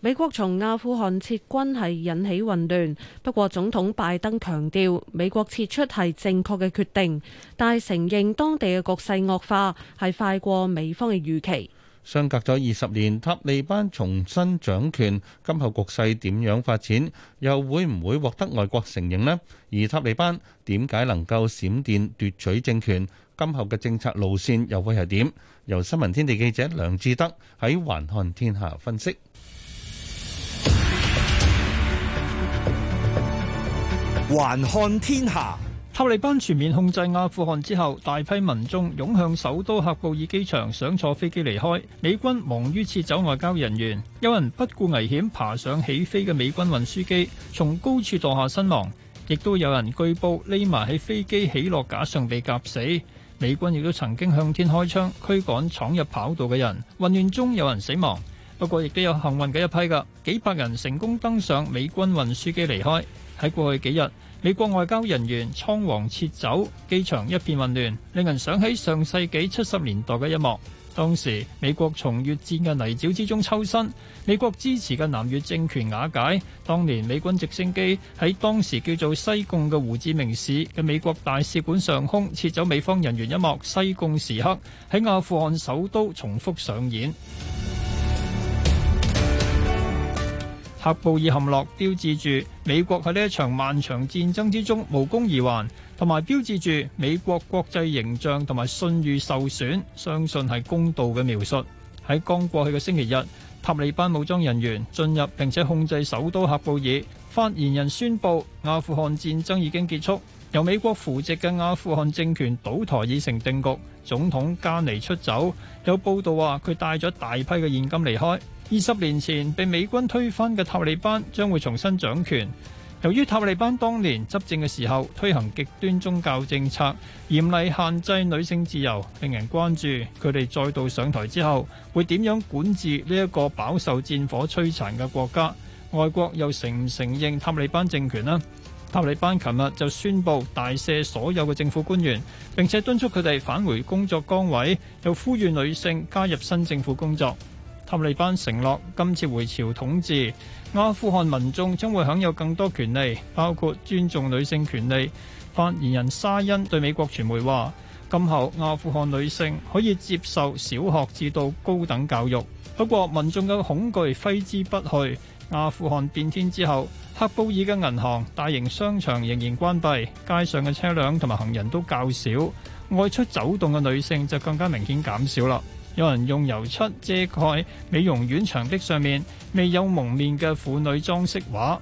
美國從阿富汗撤軍係引起混亂，不過總統拜登強調，美國撤出係正確嘅決定，但係承認當地嘅局勢惡化係快過美方嘅預期。相隔咗二十年，塔利班重新掌權，今後局勢點樣發展，又會唔會獲得外國承認呢？而塔利班點解能夠閃電奪取政權？今後嘅政策路線又會係點？由新聞天地記者梁志德喺環看天下分析。還看天下，塔利班全面控制阿富汗之後，大批民眾湧向首都喀布爾機場，想坐飛機離開。美軍忙於撤走外交人員，有人不顧危險爬上起飛嘅美軍運輸機，從高處墮下身亡，亦都有人據報匿埋喺飛機起落架上被夾死。美軍亦都曾經向天開槍驅趕闖入跑道嘅人，混亂中有人死亡，不過亦都有幸運嘅一批㗎，幾百人成功登上美軍運輸機離開。喺過去幾日，美國外交人員倉皇撤走，機場一片混亂，令人想起上世紀七十年代嘅一幕。當時美國從越戰嘅泥沼之中抽身，美國支持嘅南越政權瓦解。當年美軍直升機喺當時叫做西貢嘅胡志明市嘅美國大使館上空撤走美方人員一幕，西貢時刻喺阿富汗首都重複上演。喀布爾陷落，標誌住美國喺呢一場漫長戰爭之中無功而還，同埋標誌住美國國際形象同埋信譽受損，相信係公道嘅描述。喺剛過去嘅星期日，塔利班武裝人員進入並且控制首都喀布爾，發言人宣布阿富汗戰爭已經結束，由美國扶植嘅阿富汗政權倒台已成定局，總統加尼出走，有報道話佢帶咗大批嘅現金離開。二十年前被美軍推翻嘅塔利班將會重新掌權。由於塔利班當年執政嘅時候推行極端宗教政策，嚴厲限制女性自由，令人關注佢哋再度上台之後會點樣管治呢一個飽受戰火摧殘嘅國家。外國又承唔承認塔利班政權呢？塔利班琴日就宣布大赦所有嘅政府官員，並且敦促佢哋返回工作崗位，又呼籲女性加入新政府工作。塔利班承諾今次回朝統治阿富汗民眾將會享有更多權利，包括尊重女性權利。發言人沙欣對美國傳媒話：今後阿富汗女性可以接受小學至到高等教育。不過民眾嘅恐懼揮之不去。阿富汗變天之後，喀布爾嘅銀行、大型商場仍然關閉，街上嘅車輛同埋行人都較少，外出走動嘅女性就更加明顯減少啦。有人用油漆遮蓋美容院牆壁上面未有蒙面嘅婦女裝飾畫。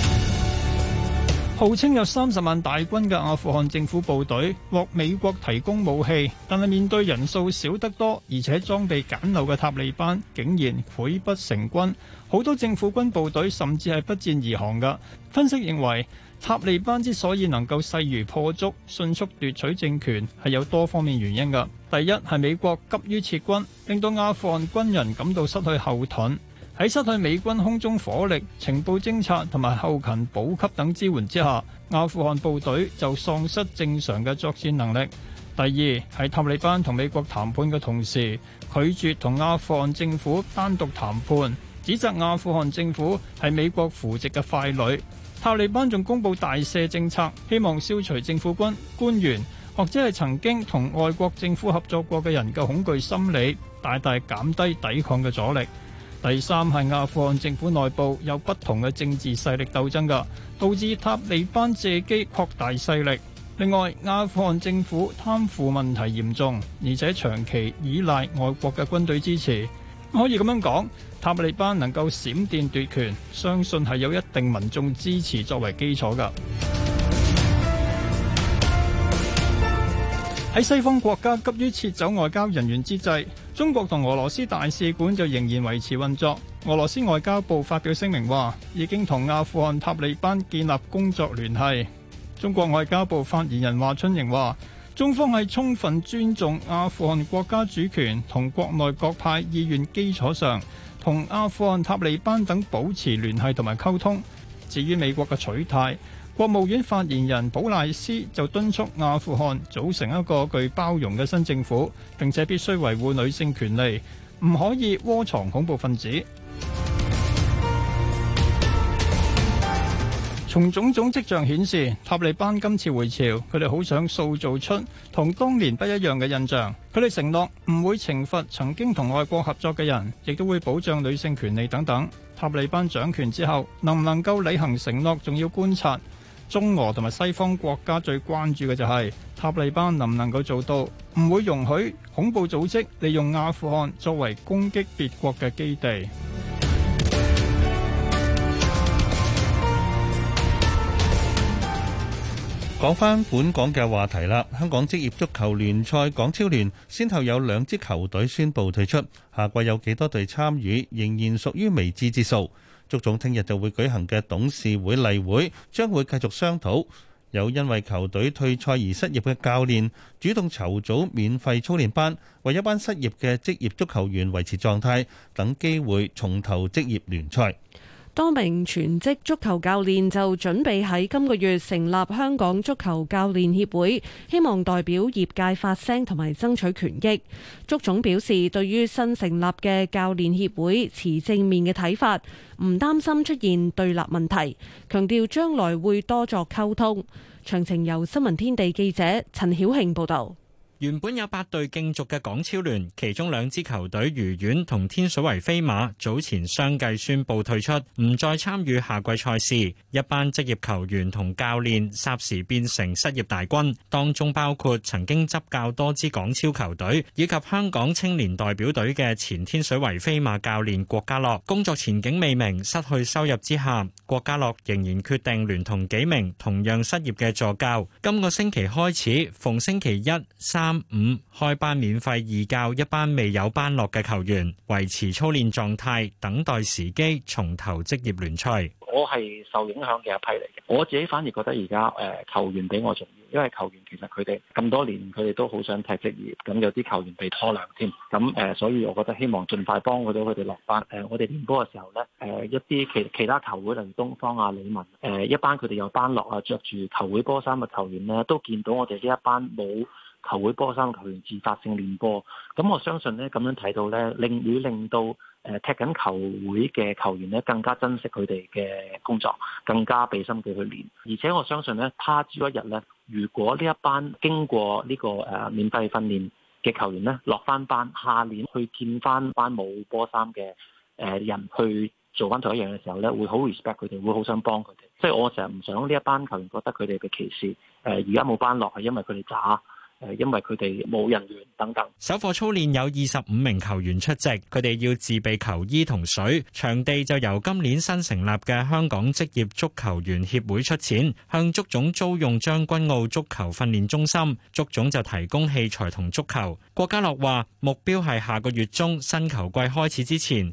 [NOISE] 號稱有三十萬大軍嘅阿富汗政府部隊獲美國提供武器，但係面對人數少得多而且裝備簡陋嘅塔利班，竟然潰不成軍。好多政府軍部隊甚至係不戰而降㗎。分析認為，塔利班之所以能夠勢如破竹、迅速奪取政權，係有多方面原因嘅。第一係美國急於撤軍，令到阿富汗軍人感到失去後盾；喺失去美軍空中火力、情報偵察同埋後勤補給等支援之下，阿富汗部隊就喪失正常嘅作戰能力。第二係塔利班同美國談判嘅同時，拒絕同阿富汗政府單獨談判，指責阿富汗政府係美國扶植嘅傀儡。塔利班仲公布大赦政策，希望消除政府軍官員或者係曾經同外國政府合作過嘅人嘅恐懼心理，大大減低抵抗嘅阻力。第三係阿富汗政府內部有不同嘅政治勢力鬥爭，噶導致塔利班借機擴大勢力。另外，阿富汗政府貪腐問題嚴重，而且長期依賴外國嘅軍隊支持。可以咁樣講，塔利班能夠閃電奪權，相信係有一定民眾支持作為基礎噶。喺 [MUSIC] 西方國家急於撤走外交人員之際，中國同俄羅斯大使館就仍然維持運作。俄羅斯外交部發表聲明話，已經同阿富汗塔利班建立工作聯繫。中國外交部發言人華春瑩話。中方係充分尊重阿富汗國家主權同國內各派意願基礎上，同阿富汗塔利班等保持聯繫同埋溝通。至於美國嘅取態，國務院發言人保賴斯就敦促阿富汗組成一個具包容嘅新政府，並且必須維護女性權利，唔可以窩藏恐怖分子。從種種跡象顯示，塔利班今次回朝，佢哋好想塑造出同當年不一樣嘅印象。佢哋承諾唔會懲罰曾經同外國合作嘅人，亦都會保障女性權利等等。塔利班掌權之後，能唔能夠履行承諾，仲要觀察中俄同埋西方國家最關注嘅就係塔利班能唔能夠做到，唔會容許恐怖組織利用阿富汗作為攻擊別國嘅基地。講返本港嘅話題啦，香港職業足球聯賽港超聯先後有兩支球隊宣布退出，下季有幾多隊參與仍然屬於未知之數。足總聽日就會舉行嘅董事會例會，將會繼續商討。有因為球隊退賽而失業嘅教練，主動籌組免費操練班，為一班失業嘅職業足球員維持狀態，等機會重投職業聯賽。多名全職足球教練就準備喺今個月成立香港足球教練協會，希望代表業界發聲同埋爭取權益。足總表示，對於新成立嘅教練協會持正面嘅睇法，唔擔心出現對立問題，強調將來會多作溝通。詳情由新聞天地記者陳曉慶報道。原本有八隊競逐嘅港超聯，其中兩支球隊愉園同天水圍飛馬早前相繼宣布退出，唔再參與下季賽事。一班職業球員同教練霎時變成失業大軍，當中包括曾經執教多支港超球隊以及香港青年代表隊嘅前天水圍飛馬教練郭家樂。工作前景未明，失去收入之下，郭家樂仍然決定聯同幾名同樣失業嘅助教，今個星期開始逢星期一三，三五開班免費義教一班未有班落嘅球員，維持操練狀態，等待時機，重投職業聯賽。我係受影響嘅一批嚟嘅，我自己反而覺得而家誒球員比我重要，因為球員其實佢哋咁多年，佢哋都好想踢職業，咁有啲球員被拖兩添，咁誒、呃，所以我覺得希望盡快幫到佢哋落班。誒、呃，我哋練波嘅時候咧，誒、呃、一啲其其他球會例如東方啊、李文誒、呃、一班佢哋有班落啊，着住球會波衫嘅球員咧，都見到我哋呢一班冇。球會波衫球，球員自發性練波，咁我相信咧，咁樣睇到咧，令會令到誒、呃、踢緊球會嘅球員咧，更加珍惜佢哋嘅工作，更加俾心機去練。而且我相信咧，他朝一日咧，如果呢一班經過呢、呢個誒、呃、免費訓練嘅球員咧，落翻班下年去見翻班冇波衫嘅誒人去做翻同一樣嘅時候咧，會好 respect 佢哋，會好想幫佢哋。即係，我成日唔想呢一班球員覺得佢哋嘅歧視。誒、呃，而家冇班落去，因為佢哋渣。係因為佢哋冇人員等等，首課操練有二十五名球員出席，佢哋要自備球衣同水，場地就由今年新成立嘅香港職業足球員協會出錢，向足總租用將軍澳足球訓練中心，足總就提供器材同足球。郭家樂話，目標係下個月中新球季開始之前。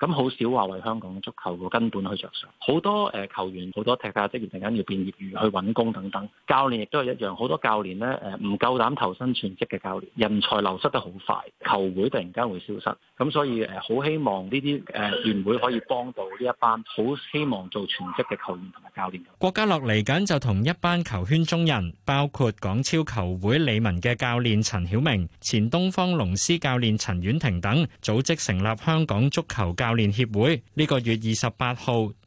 咁好少話為香港足球個根本去着想，好多誒球員好多踢下職業，突然間要變業餘去揾工等等，教練亦都係一樣，好多教練咧誒唔夠膽投身全職嘅教練，人才流失得好快，球會突然間會消失，咁所以誒好希望呢啲誒聯會可以幫到呢一班好希望做全職嘅球員同埋教練。郭家樂嚟緊就同一班球圈中人包， [COUGHS] UK, 中人包括港超球會李文嘅教練陳曉明、前東方龍獅教練陳婉婷等，組織成立香港足球教教練協會呢、這個月二十八號。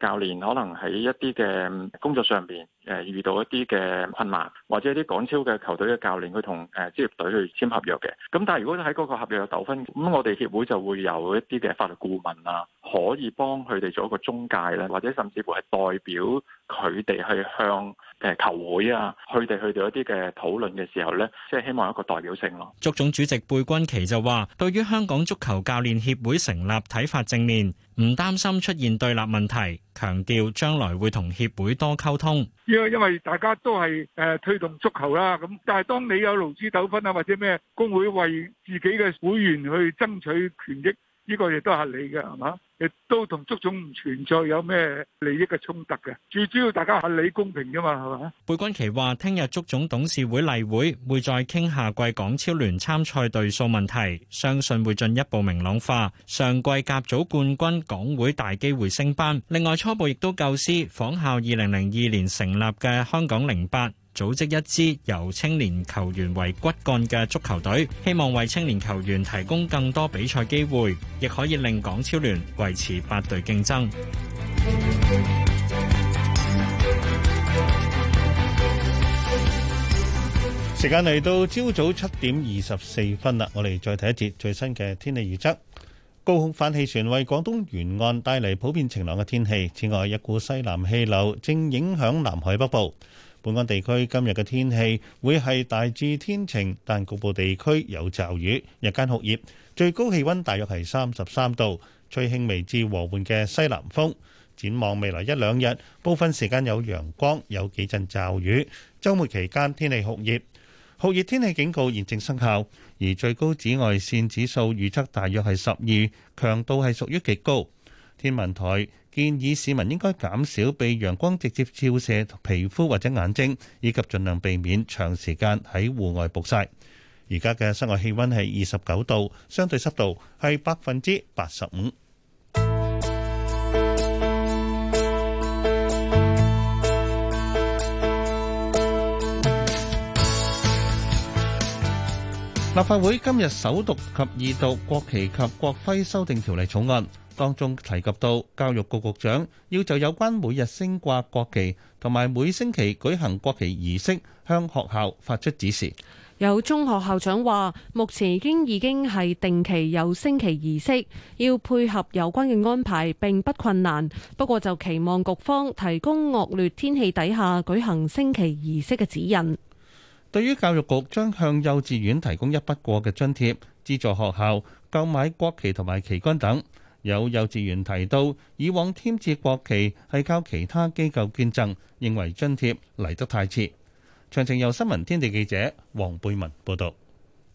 教練可能喺一啲嘅工作上邊，誒、呃、遇到一啲嘅困難，或者一啲港超嘅球隊嘅教練，呃、職去同誒職業隊去簽合約嘅。咁但係如果喺嗰個合約有糾紛，咁我哋協會就會有一啲嘅法律顧問啊，可以幫佢哋做一個中介咧，或者甚至乎係代表佢哋去向。嘅球會啊，佢哋去到一啲嘅討論嘅時候呢，即係希望一個代表性咯。足總主席貝鈞奇就話，對於香港足球教練協會成立睇法正面，唔擔心出現對立問題，強調將來會同協會多溝通。因為因為大家都係誒推動足球啦，咁但係當你有勞資糾紛啊，或者咩工會為自己嘅會員去爭取權益。呢個亦都合理嘅，係嘛？亦都同足總唔存在有咩利益嘅衝突嘅，最主要大家合理公平㗎嘛，係嘛？貝鈞奇話：聽日足總董事會例會會再傾下季港超聯參賽隊數問題，相信會進一步明朗化。上季甲組冠軍港會大機會升班，另外初步亦都構思仿效二零零二年成立嘅香港零八。組織一支由青年球員為骨幹嘅足球隊，希望為青年球員提供更多比賽機會，亦可以令港超聯維持八隊競爭。時間嚟到朝早七點二十四分啦，我哋再睇一節最新嘅天氣預測。高空反氣旋為廣東沿岸帶嚟普遍晴朗嘅天氣，此外一股西南氣流正影響南海北部。本港地區今日嘅天氣會係大致天晴，但局部地區有驟雨。日間酷熱，最高氣温大約係三十三度，吹輕微至和緩嘅西南風。展望未來一兩日，部分時間有陽光，有幾陣驟雨。週末期間天氣酷熱，酷熱天氣警告現正生效，而最高紫外線指數預測大約係十二，強度係屬於極高。天文台，建議市民應該減少被陽光直接照射皮膚或者眼睛，以及盡量避免長時間喺戶外曝曬。而家嘅室外氣温係二十九度，相對濕度係百分之八十五。立法會今日首讀及二讀《國旗及國徽修訂條例草案》。當中提及到教育局局長要就有關每日升掛國旗同埋每星期舉行國旗儀式，向學校發出指示。有中學校長話：目前已經已經係定期有升旗儀式，要配合有關嘅安排並不困難。不過就期望局方提供惡劣天氣底下舉行升旗儀式嘅指引。對於教育局將向幼稚園提供一筆過嘅津貼，資助學校購買國旗同埋旗桿等。有幼稚園提到，以往添置國旗係靠其他機構捐贈，認為津貼嚟得太遲。詳情由新聞天地記者黃貝文報道。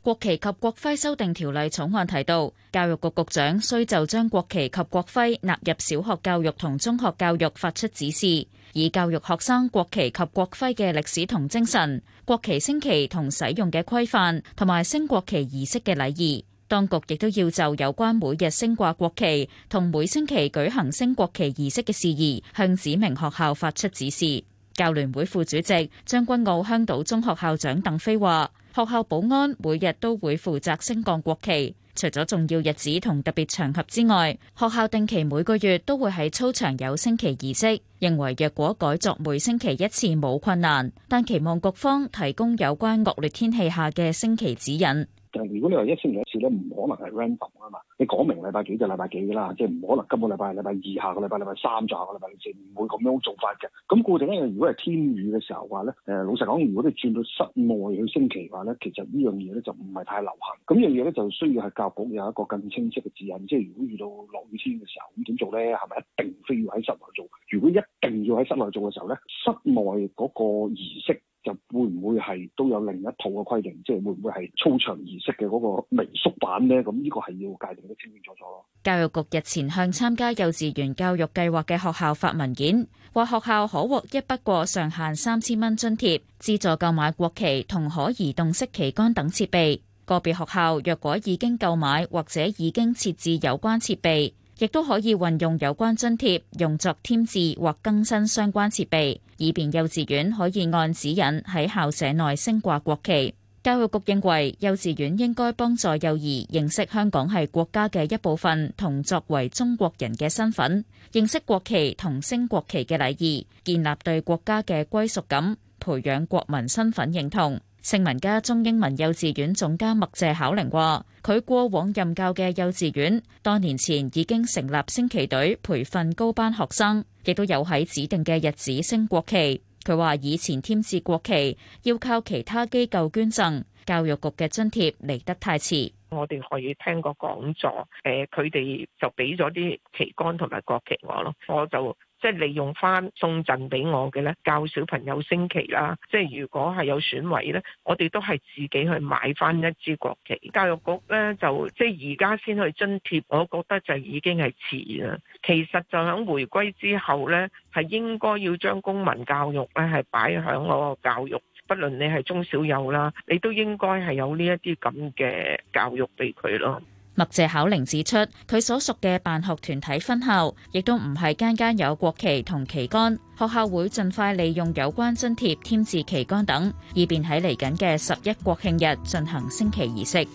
國旗及國徽修訂條例草案提到，教育局局長須就將國旗及國徽納入小學教育同中學教育發出指示，以教育學生國旗及國徽嘅歷史同精神、國旗升旗同使用嘅規範同埋升國旗儀式嘅禮儀。當局亦都要就有關每日升掛國旗同每星期舉行升國旗儀式嘅事宜，向指明學校發出指示。教聯會副主席、將軍澳香島中學校長鄧飛話，學校保安每日都會負責升降國旗，除咗重要日子同特別場合之外，學校定期每個月都會喺操場有升旗儀式。認為若果改作每星期一次冇困難，但期望局方提供有關惡劣天氣下嘅升旗指引。如果你話一星期一次咧，唔可能係 random 啊嘛。你講明禮拜幾就禮拜幾噶啦，即係唔可能今個禮拜禮拜二，下個禮拜禮拜三，再下個禮拜四，唔會咁樣做法嘅。咁固定一樣，如果係天雨嘅時候話咧，誒、呃，老實講，如果你轉到室外去升旗話咧，其實呢樣嘢咧就唔係太流行。咁樣嘢咧就需要係教育局有一個更清晰嘅指引，即係如果遇到落雨天嘅時候，咁點做咧？係咪一定非要喺室外做？如果一定要喺室內做嘅時候咧，室外嗰個儀式。就會唔會係都有另一套嘅規定，即係會唔會係操場儀式嘅嗰個微縮版呢？咁呢個係要界定得清清楚楚咯。教育局日前向參加幼稚園教育計劃嘅學校發文件，話學校可獲一筆過上限三千蚊津貼，資助購買國旗同可移動式旗桿等設備。個別學校若果已經購買或者已經設置有關設備，亦都可以運用有關津貼，用作添置或更新相關設備，以便幼稚園可以按指引喺校舍內升掛國旗。教育局認為，幼稚園應該幫助幼兒認識香港係國家嘅一部分，同作為中國人嘅身份，認識國旗同升國旗嘅禮儀，建立對國家嘅歸屬感，培養國民身份認同。聖文家中英文幼稚園總監麥謝巧玲話：佢過往任教嘅幼稚園多年前已經成立升旗隊，培訓高班學生，亦都有喺指定嘅日子升國旗。佢話以前添置國旗要靠其他機構捐贈，教育局嘅津貼嚟得太遲。我哋可以聽過講座，誒，佢哋就俾咗啲旗杆同埋國旗我咯，我就。即係利用翻送贈俾我嘅咧，教小朋友升旗啦。即係如果係有損毀咧，我哋都係自己去買翻一支國旗。教育局咧就即係而家先去津貼，我覺得就已經係遲啦。其實就響回歸之後咧，係應該要將公民教育咧係擺響我個教育，不論你係中小幼啦，你都應該係有呢一啲咁嘅教育俾佢咯。麥謝巧玲指出，佢所屬嘅辦學團體分校，亦都唔係間間有國旗同旗杆，學校會盡快利用有關津貼添置旗杆等，以便喺嚟緊嘅十一國慶日進行升旗儀式。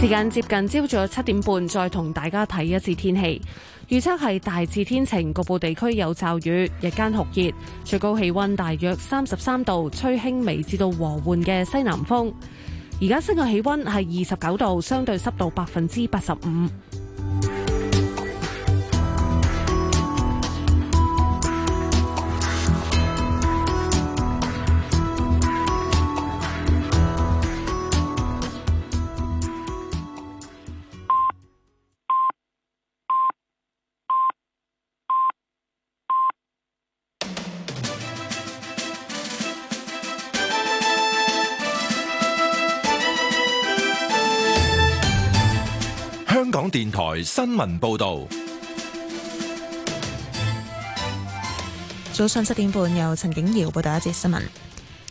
時間接近朝早七點半，再同大家睇一次天氣。預測係大致天晴，局部地區有驟雨，日間酷熱，最高氣溫大約三十三度，吹輕微至到和緩嘅西南風。而家室外氣溫係二十九度，相對濕度百分之八十五。電台新聞報道，早上七點半由陳景瑤報道一節新聞。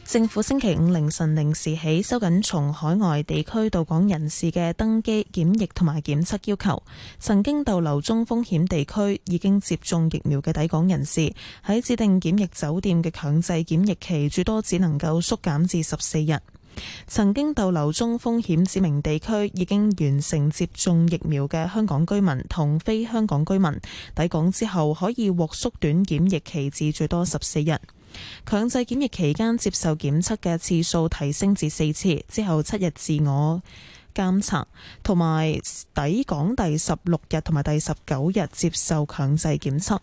政府星期五凌晨零時起收緊從海外地區到港人士嘅登機檢疫同埋檢測要求。曾經逗留中風險地區、已經接種疫苗嘅抵港人士，喺指定檢疫酒店嘅強制檢疫期，最多只能夠縮減至十四日。曾經逗留中風險指明地區已經完成接種疫苗嘅香港居民同非香港居民抵港之後，可以獲縮短檢疫期至最多十四日。強制檢疫期間接受檢測嘅次數提升至四次，之後七日自我監察，同埋抵港第十六日同埋第十九日接受強制檢測，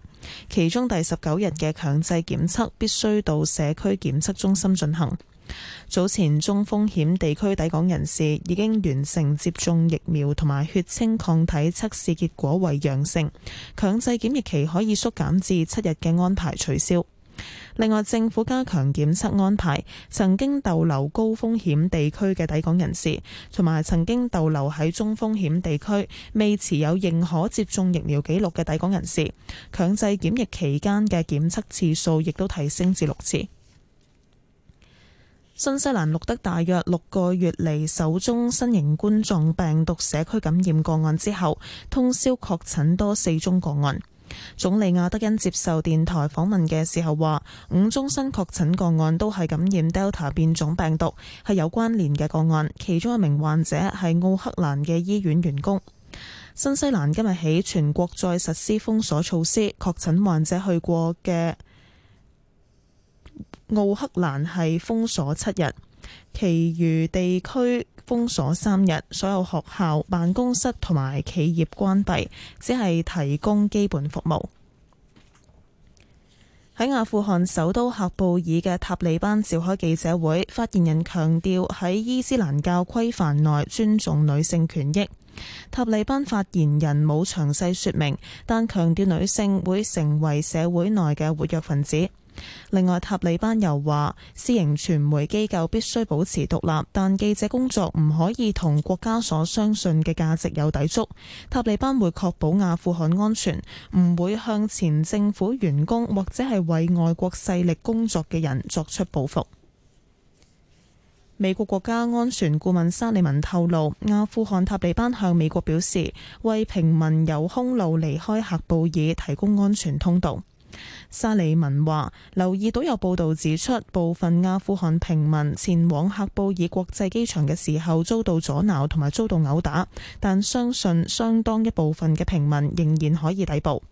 其中第十九日嘅強制檢測必須到社區檢測中心進行。早前中風險地區抵港人士已經完成接種疫苗同埋血清抗體測試結果為陽性，強制檢疫期可以縮減至七日嘅安排取消。另外，政府加強檢測安排，曾經逗留高風險地區嘅抵港人士，同埋曾經逗留喺中風險地區未持有認可接種疫苗記錄嘅抵港人士，強制檢疫期間嘅檢測次數亦都提升至六次。新西蘭錄得大約六個月嚟首宗新型冠狀病毒社區感染個案之後，通宵確診多四宗個案。總理亞德恩接受電台訪問嘅時候話：五宗新確診個案都係感染 Delta 變種病毒，係有關聯嘅個案。其中一名患者係奧克蘭嘅醫院員工。新西蘭今日起全國再實施封鎖措施，確診患者去過嘅。奧克蘭係封鎖七日，其餘地區封鎖三日。所有學校、辦公室同埋企業關閉，只係提供基本服務。喺阿富汗首都喀布爾嘅塔利班召開記者會，發言人強調喺伊斯蘭教規範內尊重女性權益。塔利班發言人冇詳細說明，但強調女性會成為社會內嘅活躍分子。另外，塔利班又話，私營傳媒機構必須保持獨立，但記者工作唔可以同國家所相信嘅價值有抵觸。塔利班會確保阿富汗安全，唔會向前政府員工或者係為外國勢力工作嘅人作出報復。美國國家安全顧問沙利文透露，阿富汗塔利班向美國表示，為平民由空路離開喀布爾提供安全通道。沙利文話：留意到有報道指出，部分阿富汗平民前往喀布爾國際機場嘅時候遭到阻撓同埋遭到毆打，但相信相當一部分嘅平民仍然可以抵步。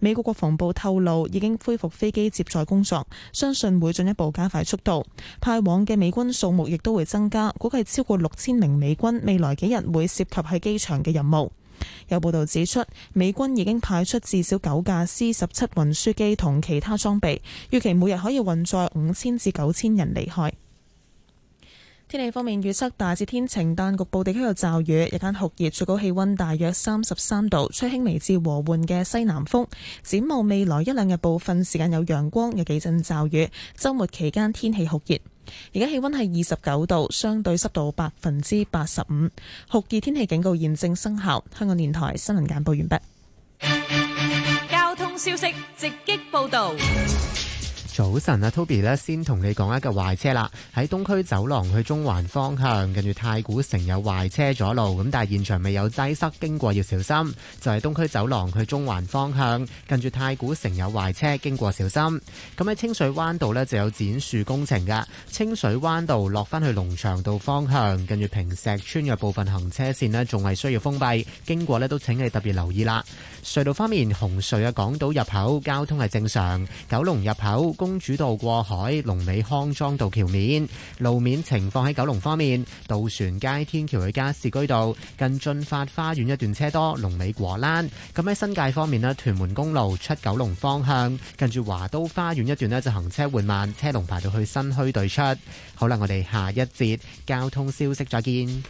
美國國防部透露，已經恢復飛機接載工作，相信會進一步加快速度，派往嘅美軍數目亦都會增加，估計超過六千名美軍未來幾日會涉及喺機場嘅任務。有報道指出，美軍已經派出至少九架 C 十七運輸機同其他裝備，預期每日可以運載五千至九千人離開。天氣方面，預測大致天晴，但局部地區有驟雨。日間酷熱，最高氣溫大約三十三度，吹輕微至和緩嘅西南風。展望未來一兩日，部分時間有陽光，有幾陣驟雨。週末期間天氣酷熱。而家氣溫係二十九度，相對濕度百分之八十五。酷熱天氣警告現正生效。香港電台新聞簡報完畢。交通消息，直擊報道。早晨啊，Toby 呢先同你講一個壞車啦，喺東區走廊去中環方向，近住太古城有壞車阻路，咁但係現場未有擠塞，經過要小心。就係、是、東區走廊去中環方向，近住太古城有壞車，經過小心。咁喺清水灣道呢就有剪樹工程噶，清水灣道落返去龍翔道方向，近住坪石邨嘅部分行車線呢仲係需要封閉，經過呢都請你特別留意啦。隧道方面，紅隧啊港島入口交通係正常，九龍入口，公主道過海、龍尾康莊道橋面路面情況喺九龍方面，渡船街天橋去加士居道、近駿發花園一段車多，龍尾果欄。咁喺新界方面咧，屯門公路出九龍方向，近住華都花園一段咧就行車緩慢，車龍排到去新墟對出。好啦，我哋下一節交通消息再見。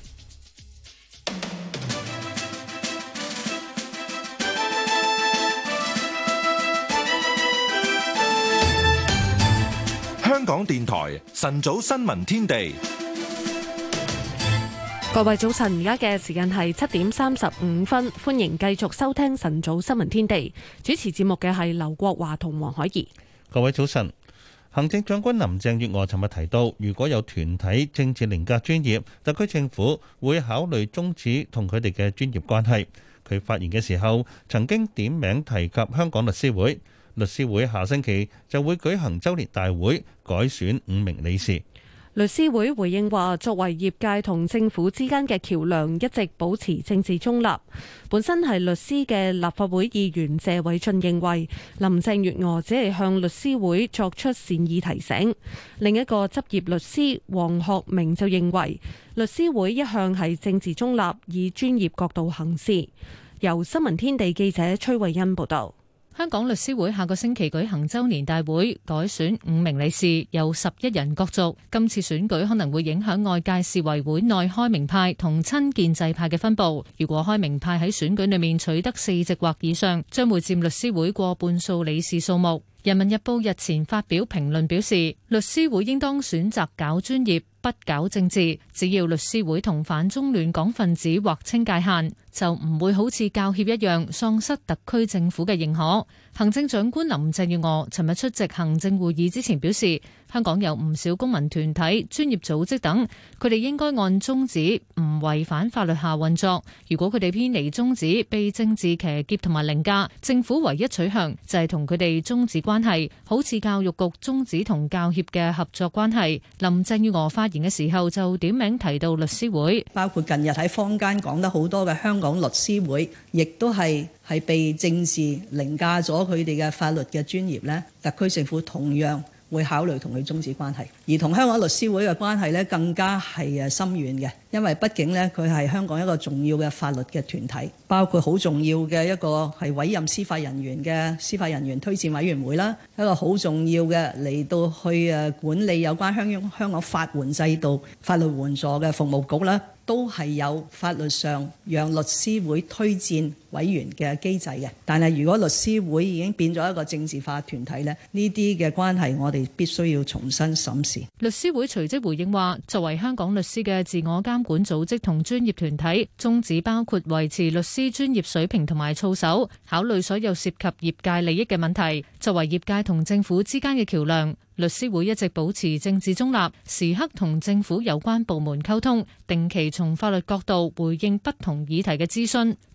港電台晨早新聞天地，各位早晨，而家嘅時間係七點三十五分，歡迎繼續收聽晨早新聞天地。主持節目嘅係劉國華同黃海怡。各位早晨，行政長官林鄭月娥尋日提到，如果有團體政治凌駕專業，特區政府會考慮終止同佢哋嘅專業關係。佢發言嘅時候，曾經點名提及香港律師會。律師會下星期就會舉行周年大會，改選五名理事。律師會回應話：作為業界同政府之間嘅橋梁，一直保持政治中立。本身係律師嘅立法會議員謝偉俊認為，林鄭月娥只係向律師會作出善意提醒。另一個執業律師黃學明就認為，律師會一向係政治中立，以專業角度行事。由新聞天地記者崔慧欣報導。香港律師會下個星期舉行周年大會，改選五名理事，由十一人角逐。今次選舉可能會影響外界視為會內開明派同親建制派嘅分佈。如果開明派喺選舉裏面取得四席或以上，將會佔律師會過半數理事數目。《人民日報》日前發表評論表示，律師會應當選擇搞專業。不搞政治，只要律師會同反中亂港分子劃清界限，就唔會好似教協一樣喪失特區政府嘅認可。行政長官林鄭月娥尋日出席行政會議之前表示，香港有唔少公民團體、專業組織等，佢哋應該按宗旨唔違反法律下運作。如果佢哋偏離宗旨，被政治騎劫同埋凌駕，政府唯一取向就係同佢哋終止關係，好似教育局終止同教協嘅合作關係。林鄭月娥發嘅時候就點名提到律師會，包括近日喺坊間講得好多嘅香港律師會，亦都係被政治凌駕咗佢哋嘅法律嘅專業呢，特區政府同樣會考慮同佢終止關係，而同香港律師會嘅關係咧，更加係誒深遠嘅，因為畢竟咧，佢係香港一個重要嘅法律嘅團體，包括好重要嘅一個係委任司法人員嘅司法人員推薦委員會啦，一個好重要嘅嚟到去誒管理有關香香港法援制度、法律援助嘅服務局啦，都係有法律上讓律師會推薦。委員嘅機制嘅，但係如果律師會已經變咗一個政治化團體呢，呢啲嘅關係，我哋必須要重新審視。律師會隨即回應話，作為香港律師嘅自我監管組織同專業團體，宗旨包括維持律師專業水平同埋操守，考慮所有涉及業界利益嘅問題。作為業界同政府之間嘅橋梁，律師會一直保持政治中立，時刻同政府有關部門溝通，定期從法律角度回應不同議題嘅諮詢。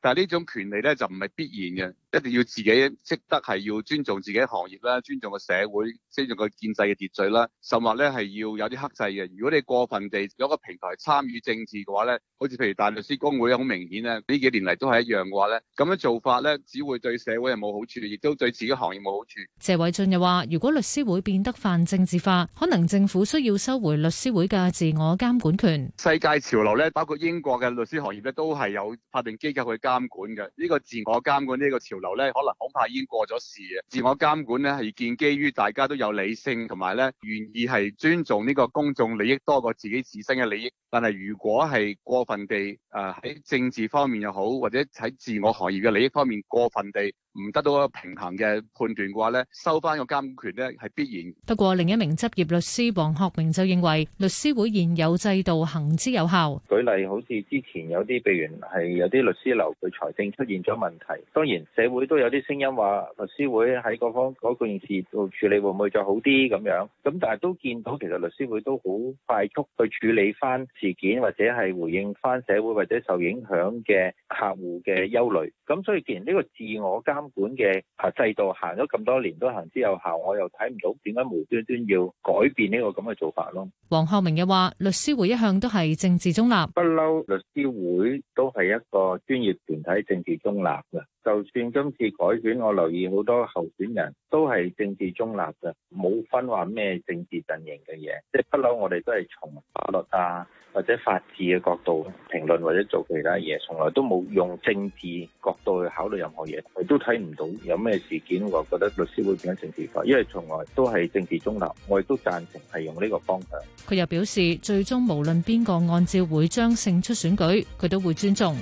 但係呢種權利咧就唔係必然嘅，一定要自己識得係要尊重自己行業啦，尊重個社會，尊重個建制嘅秩序啦，甚或咧係要有啲克制嘅。如果你過分地攞個平台去參與政治嘅話咧，好似譬如大律師公會，好明顯咧呢幾年嚟都係一樣嘅話咧，咁樣做法咧，只會對社會係冇好處，亦都對自己行業冇好處。謝偉俊又話，如果律師會變得泛政治化，可能政府需要收回律師會嘅自我監管權。世界潮流咧，包括英國嘅律師行業咧，都係有法定機構去監管嘅呢、這個自我監管呢個潮流呢，可能恐怕已經過咗時嘅。自我監管呢，係建基於大家都有理性，同埋呢願意係尊重呢個公眾利益多過自己自身嘅利益。但係如果係過分地誒喺、呃、政治方面又好，或者喺自我行業嘅利益方面過分地。唔得到個平衡嘅判斷嘅話咧，收翻個監權咧係必然。不過另一名執業律師黃學明就認為，律師會現有制度行之有效。舉例好似之前有啲，譬如係有啲律師樓對財政出現咗問題，當然社會都有啲聲音話，律師會喺各方嗰件、那個、事度處理會唔會再好啲咁樣。咁但係都見到其實律師會都好快速去處理翻事件，或者係回應翻社會或者受影響嘅客戶嘅憂慮。咁所以既然呢個自我監根本嘅制度行咗咁多年都行之有效，我又睇唔到點解無端端要改變呢個咁嘅做法咯。黃學明又話，律師會一向都係政治中立，不嬲律師會都係一個專業團體，政治中立嘅。就算今次改選，我留意好多候選人都係政治中立嘅，冇分話咩政治陣營嘅嘢。即係不嬲，我哋都係從法律啊或者法治嘅角度評論或者做其他嘢，從來都冇用政治角度去考慮任何嘢。亦都睇唔到有咩事件，我覺得律師會變咗政治化，因為從來都係政治中立。我亦都贊成係用呢個方向。佢又表示，最終無論邊個按照會章勝出選舉，佢都會尊重。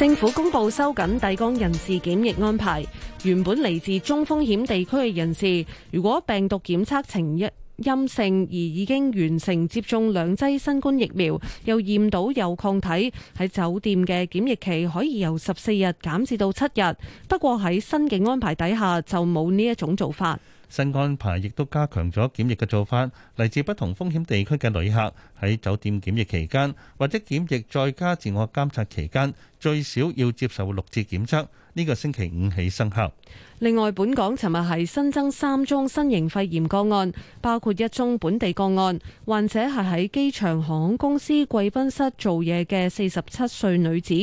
政府公布收緊抵港人士檢疫安排，原本嚟自中風險地區嘅人士，如果病毒檢測呈陰性而已經完成接種兩劑新冠疫苗，又驗到有抗體，喺酒店嘅檢疫期可以由十四日減至到七日。不過喺新嘅安排底下，就冇呢一種做法。新安排亦都加強咗檢疫嘅做法，嚟自不同風險地區嘅旅客，喺酒店檢疫期間，或者檢疫再加自我監察期間，最少要接受六次檢測。呢個星期五起生效。另外，本港尋日係新增三宗新型肺炎個案，包括一宗本地個案，患者係喺機場航空公司貴賓室做嘢嘅四十七歲女子。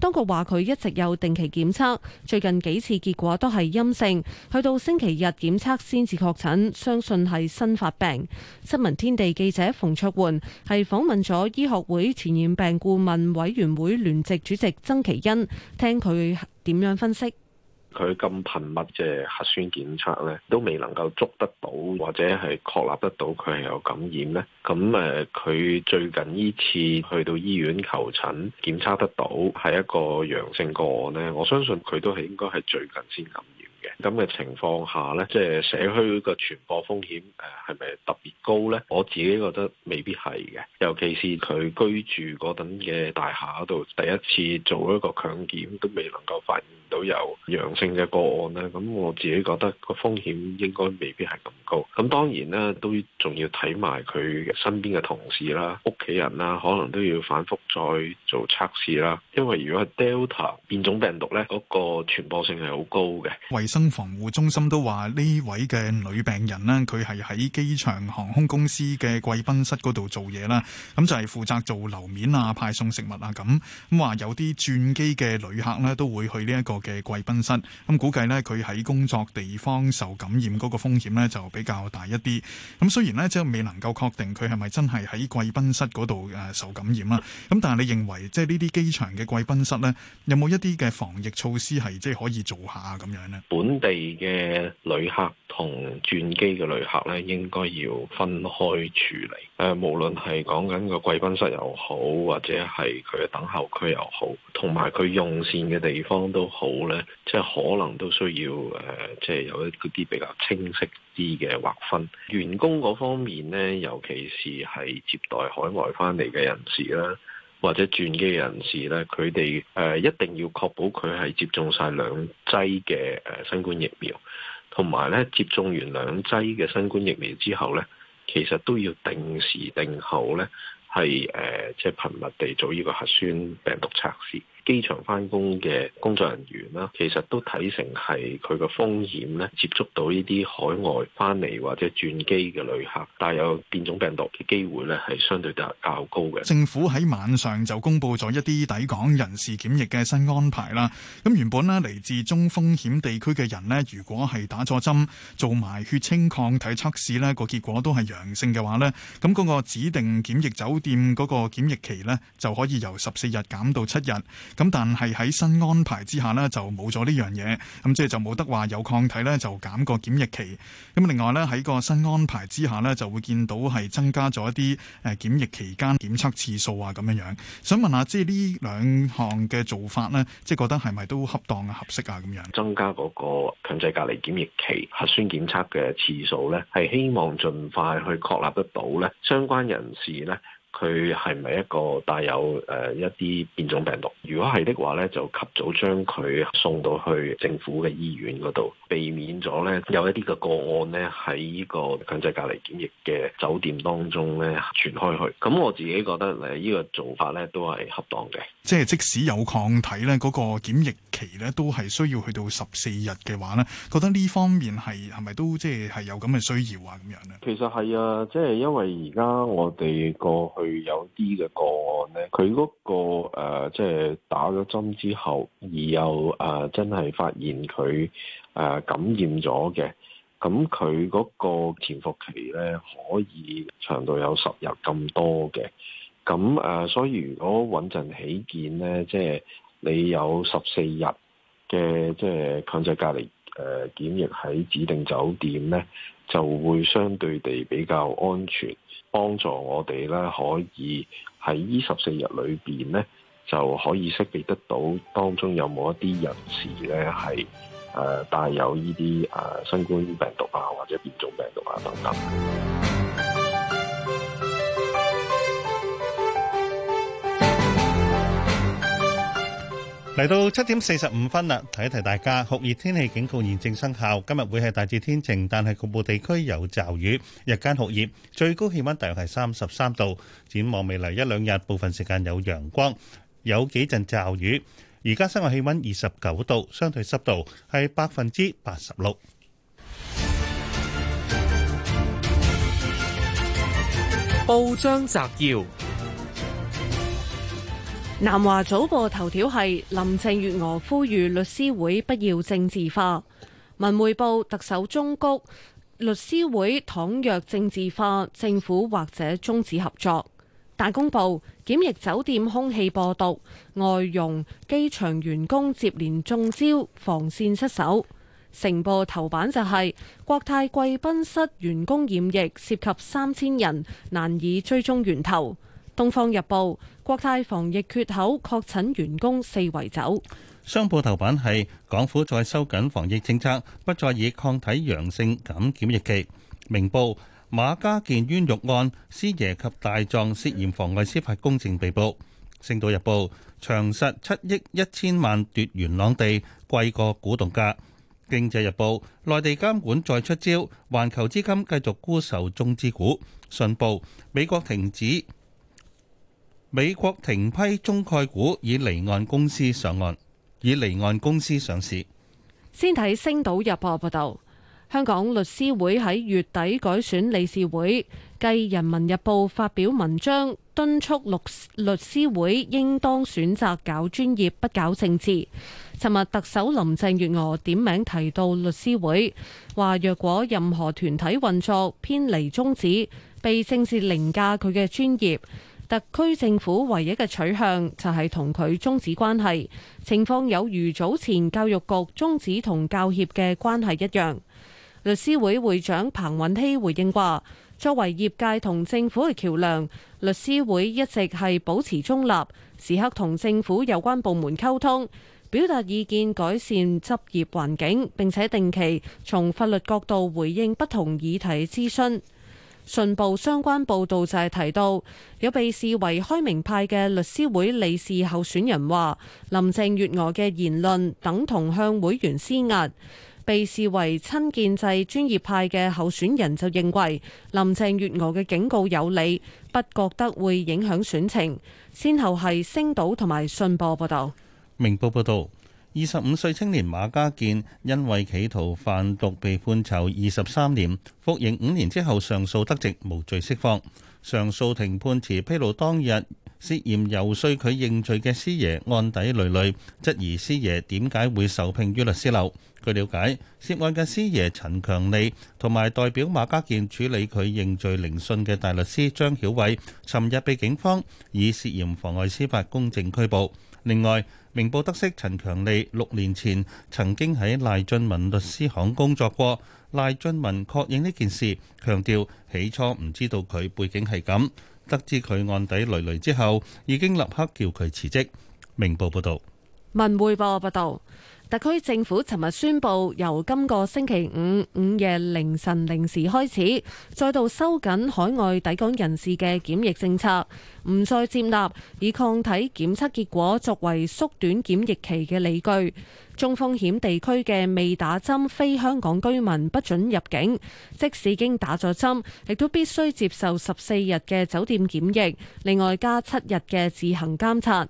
當局話佢一直有定期檢測，最近幾次結果都係陰性，去到星期日檢測先至確診，相信係新發病。新聞天地記者馮卓媛係訪問咗醫學會傳染病顧問委員會聯席主席曾其恩，聽佢。點樣分析？佢咁頻密嘅核酸檢測呢，都未能夠捉得到，或者係確立得到佢係有感染呢？咁誒，佢、呃、最近呢次去到醫院求診，檢測得到係一個陽性個案呢。我相信佢都係應該係最近先咁。嘅咁嘅情況下咧，即係社區個傳播風險誒係咪特別高呢？我自己覺得未必係嘅，尤其是佢居住嗰等嘅大廈度，第一次做一個強檢都未能夠發現。都有陽性嘅個案啦。咁我自己覺得個風險應該未必係咁高。咁當然啦，都仲要睇埋佢身邊嘅同事啦、屋企人啦，可能都要反覆再做測試啦。因為如果係 Delta 變種病毒呢，嗰個傳播性係好高嘅。衞生防護中心都話呢位嘅女病人呢，佢係喺機場航空公司嘅貴賓室嗰度做嘢啦，咁就係負責做樓面啊、派送食物啊咁。咁話有啲轉機嘅旅客呢，都會去呢一個嘅貴賓室，咁估計呢，佢喺工作地方受感染嗰個風險呢就比較大一啲。咁雖然呢，即係未能夠確定佢係咪真係喺貴賓室嗰度誒受感染啦，咁但係你認為即係呢啲機場嘅貴賓室呢，有冇一啲嘅防疫措施係即係可以做下咁樣呢？本地嘅旅客同轉機嘅旅客呢，應該要分開處理。誒，無論係講緊個貴賓室又好，或者係佢嘅等候區又好，同埋佢用膳嘅地方都好呢，即係可能都需要誒，即係有一啲比較清晰啲嘅劃分。員工嗰方面呢，尤其是係接待海外翻嚟嘅人士啦，或者轉機人士呢，佢哋誒一定要確保佢係接種晒兩劑嘅誒新冠疫苗，同埋呢接種完兩劑嘅新冠疫苗之後呢，其實都要定時定候咧，係誒，即係頻密地做呢個核酸病毒測試。機場翻工嘅工作人員啦，其實都睇成係佢個風險咧，接觸到呢啲海外翻嚟或者轉機嘅旅客，帶有變種病毒嘅機會咧，係相對較高嘅。政府喺晚上就公布咗一啲抵港人士檢疫嘅新安排啦。咁原本咧嚟自中風險地區嘅人咧，如果係打咗針做埋血清抗體測試咧，個結果都係陽性嘅話咧，咁嗰個指定檢疫酒店嗰個檢疫期咧，就可以由十四日減到七日。咁但係喺新安排之下呢，就冇咗呢樣嘢，咁即係就冇得話有抗體呢，就減個檢疫期。咁另外呢，喺個新安排之下呢，就會見到係增加咗一啲誒檢疫期間檢測次數啊咁樣樣。想問下，即係呢兩項嘅做法呢，即係覺得係咪都恰當啊、合適啊咁樣？增加嗰個強制隔離檢疫期、核酸檢測嘅次數呢，係希望盡快去確立得到呢相關人士呢。佢係咪一個帶有誒、呃、一啲變種病毒？如果係的話咧，就及早將佢送到去政府嘅醫院嗰度，避免咗咧有一啲嘅個案咧喺呢個強制隔離檢疫嘅酒店當中咧傳開去。咁我自己覺得誒呢個做法咧都係恰當嘅。即係即使有抗體咧，嗰、那個檢疫期咧都係需要去到十四日嘅話咧，覺得呢方面係係咪都即係係有咁嘅需要啊？咁樣咧，其實係啊，即係因為而家我哋個。佢有啲嘅個案咧，佢嗰、嗰個即係、呃即係、打咗針之後，而又誒、呃、真係發現佢誒、呃、感染咗嘅，咁佢嗰個潛伏期咧可以長到有十日咁多嘅，咁誒、呃，所以如果穩陣起見咧，即、即、係、係、你有十四日嘅即係強制隔離誒、呃、檢疫喺指定酒店咧，就會相對地比較安全。幫助我哋咧，可以喺呢十四日裏邊咧，就可以識別得到當中有冇一啲人士咧，係誒帶有呢啲誒新冠病毒啊，或者變種病毒啊等等。嚟到七點四十五分啦，提一提大家，酷熱天氣警告現正生效。今日會係大致天晴，但係局部地區有驟雨。日間酷熱，最高氣溫大約係三十三度。展望未來一兩日，部分時間有陽光，有幾陣驟雨。而家室外氣溫二十九度，相對濕度係百分之八十六。報章摘要。南華早報頭條係林鄭月娥呼籲律師會不要政治化。文匯報特首忠告律師會倘若政治化，政府或者終止合作。大公報檢疫酒店空氣播毒，外傭機場員工接連中招，防線失守。成報頭版就係、是、國泰貴賓室員工染疫，涉及三千人，難以追蹤源頭。東方日報，國泰防疫缺口，確診員工四圍走，商報頭版係港府再收緊防疫政策，不再以抗體陽性減檢疫期。明報馬家健冤獄案，師爺及大狀涉嫌妨礙司法公正被捕。星島日報長實七億一千萬奪元朗地，貴過股動價。經濟日報內地監管再出招，環球資金繼續沽售中資股。信報美國停止。美國停批中概股，以離岸公司上岸，以離岸公司上市。先睇《星島日報》報道：「香港律師會喺月底改選理事會，繼《人民日報》發表文章敦促律律師會應當選擇搞專業，不搞政治。尋日特首林鄭月娥點名提到律師會，話若果任何團體運作偏離宗旨，被政治凌駕佢嘅專業。特區政府唯一嘅取向就係同佢終止關係，情況有如早前教育局終止同教協嘅關係一樣。律師會會長彭允熙回應話，作為業界同政府嘅橋樑，律師會一直係保持中立，時刻同政府有關部門溝通，表達意見，改善執業環境，並且定期從法律角度回應不同議題諮詢。信報相關報導就係提到，有被視為開明派嘅律師會理事候選人話，林鄭月娥嘅言論等同向會員施壓；被視為親建制專業派嘅候選人就認為林鄭月娥嘅警告有理，不覺得會影響選情。先後係星島同埋信報報道。明報報導。二十五歲青年馬家健因為企圖販毒被判囚二十三年，服刑五年之後上訴得直，無罪釋放。上訴庭判詞披露當日涉嫌遊說佢認罪嘅師爺案底累累，質疑師爺點解會受聘於律師樓。據了解，涉案嘅師爺陳強利同埋代表馬家健處理佢認罪聆訊嘅大律師張曉偉，尋日被警方以涉嫌妨礙司法公正拘捕。另外，明報得悉，陳強利六年前曾經喺賴俊文律師行工作過，賴俊文確認呢件事，強調起初唔知道佢背景係咁，得知佢案底累累之後，已經立刻叫佢辭職。明報報道，文匯報報道。特區政府尋日宣布，由今個星期五午夜凌晨零時開始，再度收緊海外抵港人士嘅檢疫政策，唔再接納以抗體檢測結果作為縮短檢疫期嘅理據。中風險地區嘅未打針非香港居民不准入境，即使已經打咗針，亦都必須接受十四日嘅酒店檢疫，另外加七日嘅自行監察。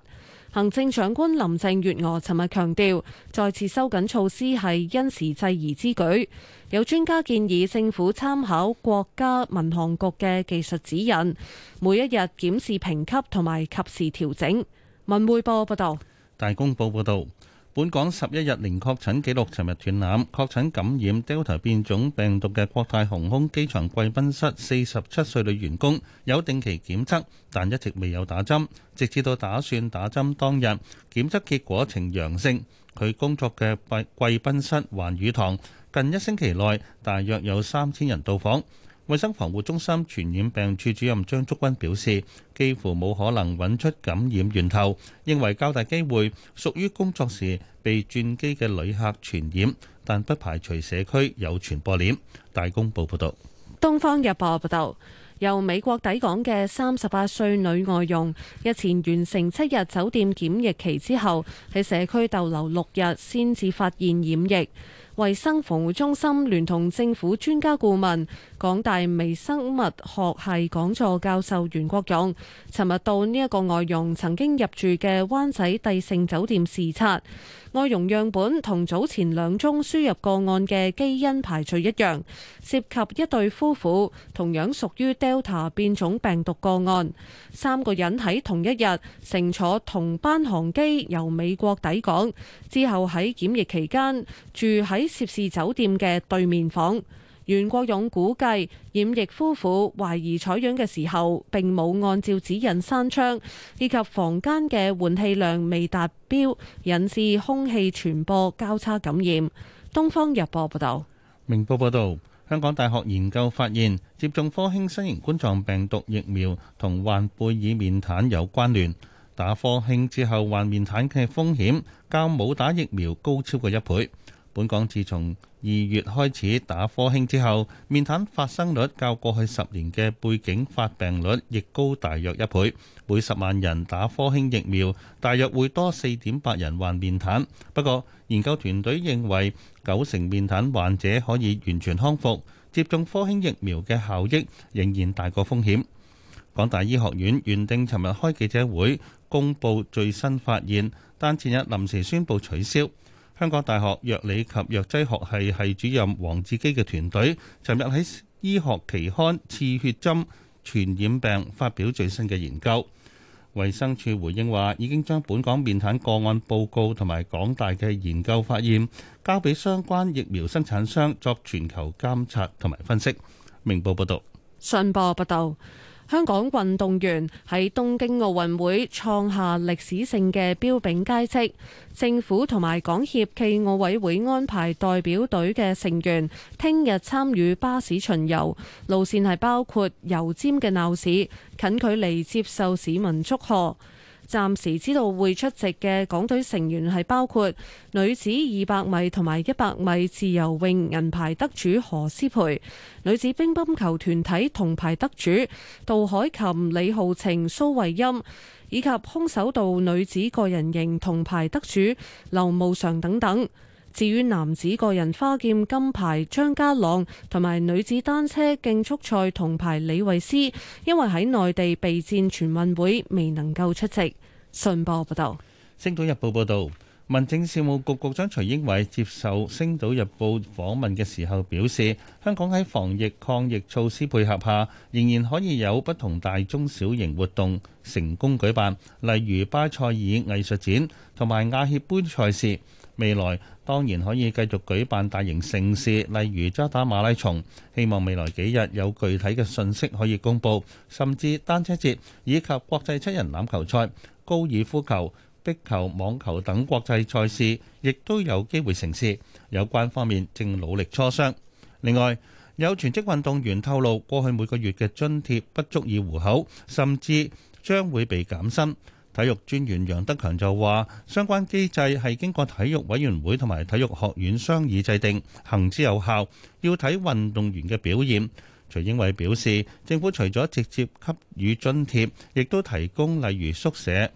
行政長官林鄭月娥尋日強調，再次收緊措施係因時制宜之舉。有專家建議政府參考國家民航局嘅技術指引，每一日檢視評級同埋及時調整。文匯播報報道，大公報報道。本港十一日零確診記錄，尋日斷纜。確診感染 Delta 變種病毒嘅國泰航空機場貴賓室四十七歲女員工，有定期檢測，但一直未有打針，直至到打算打針當日，檢測結果呈陽性。佢工作嘅貴貴賓室環宇堂，近一星期內大約有三千人到訪。衛生防護中心傳染病處主任張竹君表示，幾乎冇可能搵出感染源頭，認為較大機會屬於工作時被轉機嘅旅客傳染，但不排除社區有傳播鏈。大公報報道，東方日報報道，由美國抵港嘅三十八歲女外傭，日前完成七日酒店檢疫期之後，喺社區逗留六日，先至發現染疫。衛生防護中心聯同政府專家顧問。港大微生物學系講座教授袁國勇，尋日到呢一個外傭曾經入住嘅灣仔帝盛酒店視察。外傭樣本同早前兩宗輸入個案嘅基因排序一樣，涉及一對夫婦，同樣屬於 Delta 變種病毒個案。三個人喺同一日乘坐同班航機由美國抵港，之後，喺檢疫期間住喺涉事酒店嘅對面房。袁國勇估計，染疫夫婦懷疑採樣嘅時候，並冇按照指引閂窗，以及房間嘅換氣量未達標，引致空氣傳播交叉感染。東方日報報道，明報報道，香港大學研究發現，接種科興新型冠狀病毒疫苗同患貝爾面癱有關聯，打科興之後患面癱嘅風險較冇打疫苗高超過一倍。本港自從二月開始打科興之後，面癱發生率較過去十年嘅背景發病率亦高大約一倍。每十萬人打科興疫苗，大約會多四點八人患面癱。不過，研究團隊認為，九成面癱患者可以完全康復，接種科興疫苗嘅效益仍然大過風險。港大醫學院原定尋日開記者會公佈最新發現，但前日臨時宣佈取消。香港大學藥理及藥劑學系系主任王志基嘅團隊，尋日喺醫學期刊《刺血針傳染病》發表最新嘅研究。衛生署回應話，已經將本港面癱個案報告同埋港大嘅研究發現，交俾相關疫苗生產商作全球監察同埋分析。明報報導。信報報道。香港運動員喺東京奧運會創下歷史性嘅彪炳佳績，政府同埋港協暨奧委會安排代表隊嘅成員聽日參與巴士巡遊，路線係包括油尖嘅鬧市，近距離接受市民祝賀。暫時知道會出席嘅港隊成員係包括女子二百米同埋一百米自由泳銀牌得主何詩蓓、女子乒乓球團體銅牌得主杜凱琹、李皓晴、蘇慧音，以及空手道女子個人形銅牌得主劉慕裳等等。至於男子個人花劍金牌張家朗同埋女子單車競速賽銅牌李慧詩，因為喺內地備戰全運會，未能夠出席。信報報道。《星島日報》報道，民政事務局局長徐英偉接受《星島日報》訪問嘅時候表示，香港喺防疫抗疫措施配合下，仍然可以有不同大中小型活動成功舉辦，例如巴塞爾藝術展同埋亞協杯賽事，未來，當然可以繼續舉辦大型盛事，例如渣打馬拉松。希望未來幾日有具體嘅信息可以公布，甚至單車節以及國際七人欖球賽、高爾夫球、壁球、網球等國際賽事，亦都有機會成事。有關方面正努力磋商。另外，有全職運動員透露，過去每個月嘅津貼不足以糊口，甚至將會被減薪。體育專員楊德強就話，相關機制係經過體育委員會同埋體育學院商議制定，行之有效，要睇運動員嘅表現。徐英偉表示，政府除咗直接給予津貼，亦都提供例如宿舍、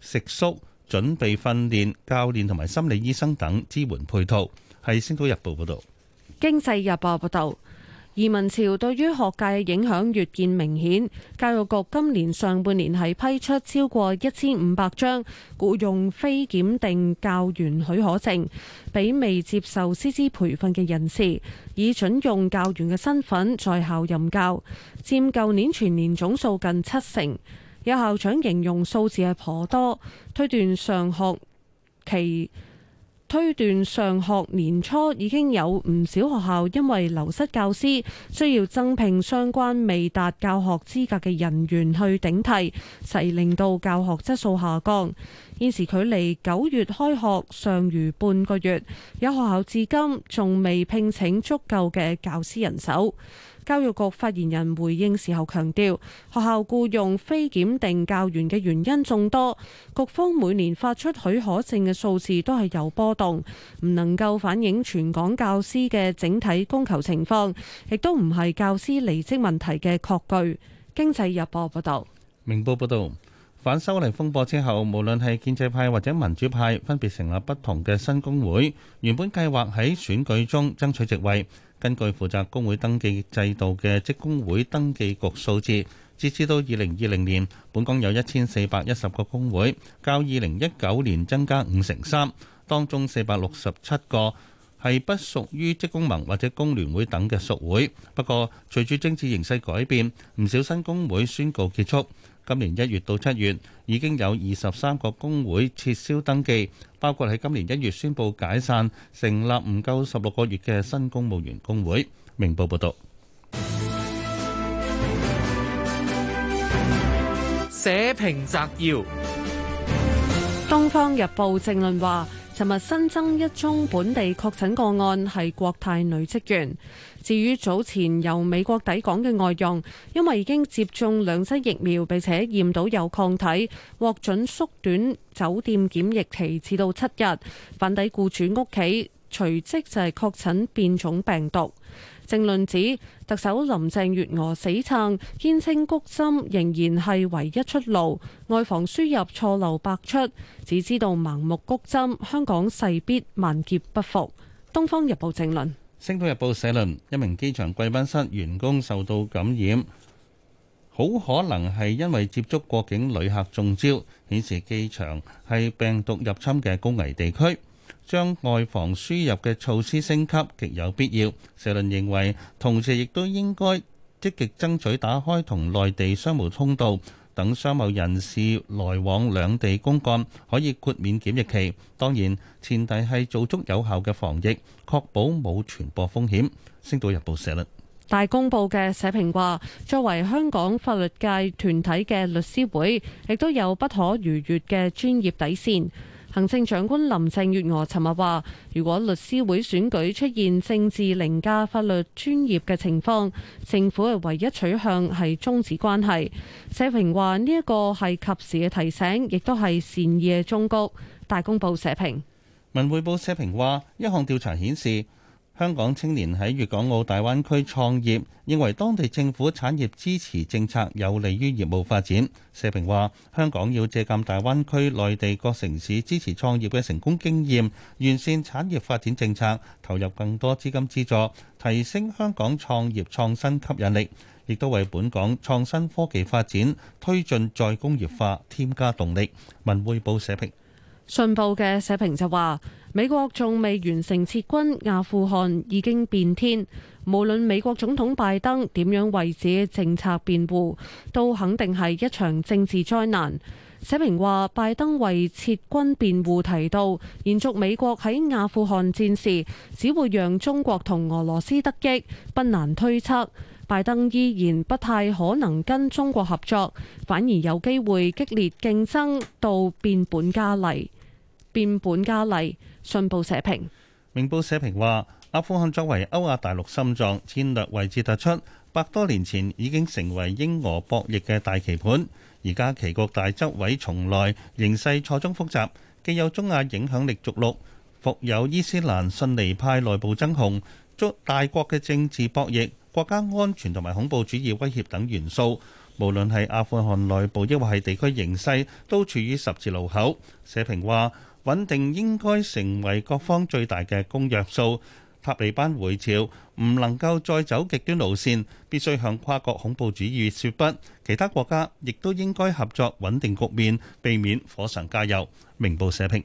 食宿、準備訓練、教練同埋心理醫生等支援配套。係《星島日報》報道，《經濟日報》報道。移民潮對於學界嘅影響越見明顯。教育局今年上半年係批出超過一千五百張僱用非檢定教員許可證，俾未接受師資培訓嘅人士，以準用教員嘅身份在校任教，佔舊年全年總數近七成。有校長形容數字係頗多，推斷上學期。推斷上學年初已經有唔少學校因為流失教師，需要增聘相關未達教學資格嘅人員去頂替，致令到教學質素下降。現時距離九月開學尚餘半個月，有學校至今仲未聘請足夠嘅教師人手。教育局發言人回應時候強調，學校僱用非檢定教員嘅原因眾多，局方每年發出許可證嘅數字都係有波動，唔能夠反映全港教師嘅整體供求情況，亦都唔係教師離職問題嘅確據。經濟日報報道，明報報道，反修例風波之後，無論係建制派或者民主派，分別成立不同嘅新工會，原本計劃喺選舉中爭取席位。根據負責工會登記制度嘅職工會登記局數字，截至到二零二零年，本港有一千四百一十個工會，較二零一九年增加五成三。當中四百六十七個係不屬於職工盟或者工聯會等嘅屬會。不過，隨住政治形勢改變，唔少新工會宣告結束。今年一月到七月，已經有二十三個工會撤銷登記，包括喺今年一月宣布解散、成立唔夠十六個月嘅新公務員工會。明報報道。社評摘要，《東方日報》正論話。尋日新增一宗本地確診個案係國泰女職員。至於早前由美國抵港嘅外傭，因為已經接種兩劑疫苗並且驗到有抗體，獲准縮短酒店檢疫期至到七日。返抵僱主屋企，隨即就係確診變種病毒。正論指特首林鄭月娥死撐，堅稱谷針仍然係唯一出路，外防輸入錯漏百出，只知道盲目谷針，香港勢必萬劫不復。《東方日報》正論，《星島日報》社論：一名機場貴賓室員工受到感染，好可能係因為接觸過境旅客中招，顯示機場係病毒入侵嘅高危地區。將外防輸入嘅措施升級極有必要，社論認為同時亦都應該積極爭取打開同內地商務通道，等商務人士來往兩地公幹，可以豁免檢疫期，當然前提係做足有效嘅防疫，確保冇傳播風險。星島日報社論。大公報嘅社評話：作為香港法律界團體嘅律師會，亦都有不可逾越嘅專業底線。行政長官林鄭月娥尋日話：如果律師會選舉出現政治凌駕法律專業嘅情況，政府嘅唯一取向係中止關係。社評話：呢一個係及時嘅提醒，亦都係善意嘅忠告。大公報社評。文匯報社評話：一項調查顯示。香港青年喺粵港澳大灣區創業，認為當地政府產業支持政策有利於業務發展。社評話：香港要借鑒大灣區內地各城市支持創業嘅成功經驗，完善產業發展政策，投入更多資金資助，提升香港創業創新吸引力，亦都為本港創新科技發展、推進再工業化添加動力。文匯報社評，信報嘅社評就話。美國仲未完成撤軍，阿富汗已經變天。無論美國總統拜登點樣為自己政策辯護，都肯定係一場政治災難。社評話，拜登為撤軍辯護，提到延續美國喺阿富汗戰事只會讓中國同俄羅斯得益，不難推測拜登依然不太可能跟中國合作，反而有機會激烈競爭到變本加厲。變本加厲。信報社評，明報社評話：阿富汗作為歐亞大陸心臟，戰略位置突出，百多年前已經成為英俄博弈嘅大棋盤。而家棋局大執位，從來形勢錯綜複雜，既有中亞影響力逐鹿，復有伊斯蘭遜尼派內部爭雄，捉大國嘅政治博弈、國家安全同埋恐怖主義威脅等元素。無論係阿富汗內部，抑或係地區形勢，都處於十字路口。社評話。穩定應該成為各方最大嘅公約數。塔利班回朝唔能夠再走極端路線，必須向跨國恐怖主義說不。其他國家亦都應該合作穩定局面，避免火上加油。明報社評。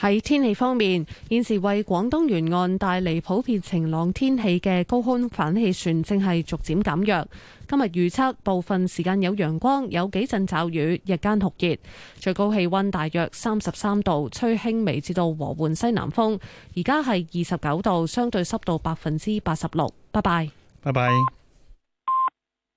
喺天氣方面，現時為廣東沿岸帶嚟普遍晴朗天氣嘅高空反氣旋正係逐漸減弱。今日預測部分時間有陽光，有幾陣驟雨，日間酷熱，最高氣溫大約三十三度，吹輕微至到和緩西南風。而家係二十九度，相對濕度百分之八十六。拜拜，拜拜。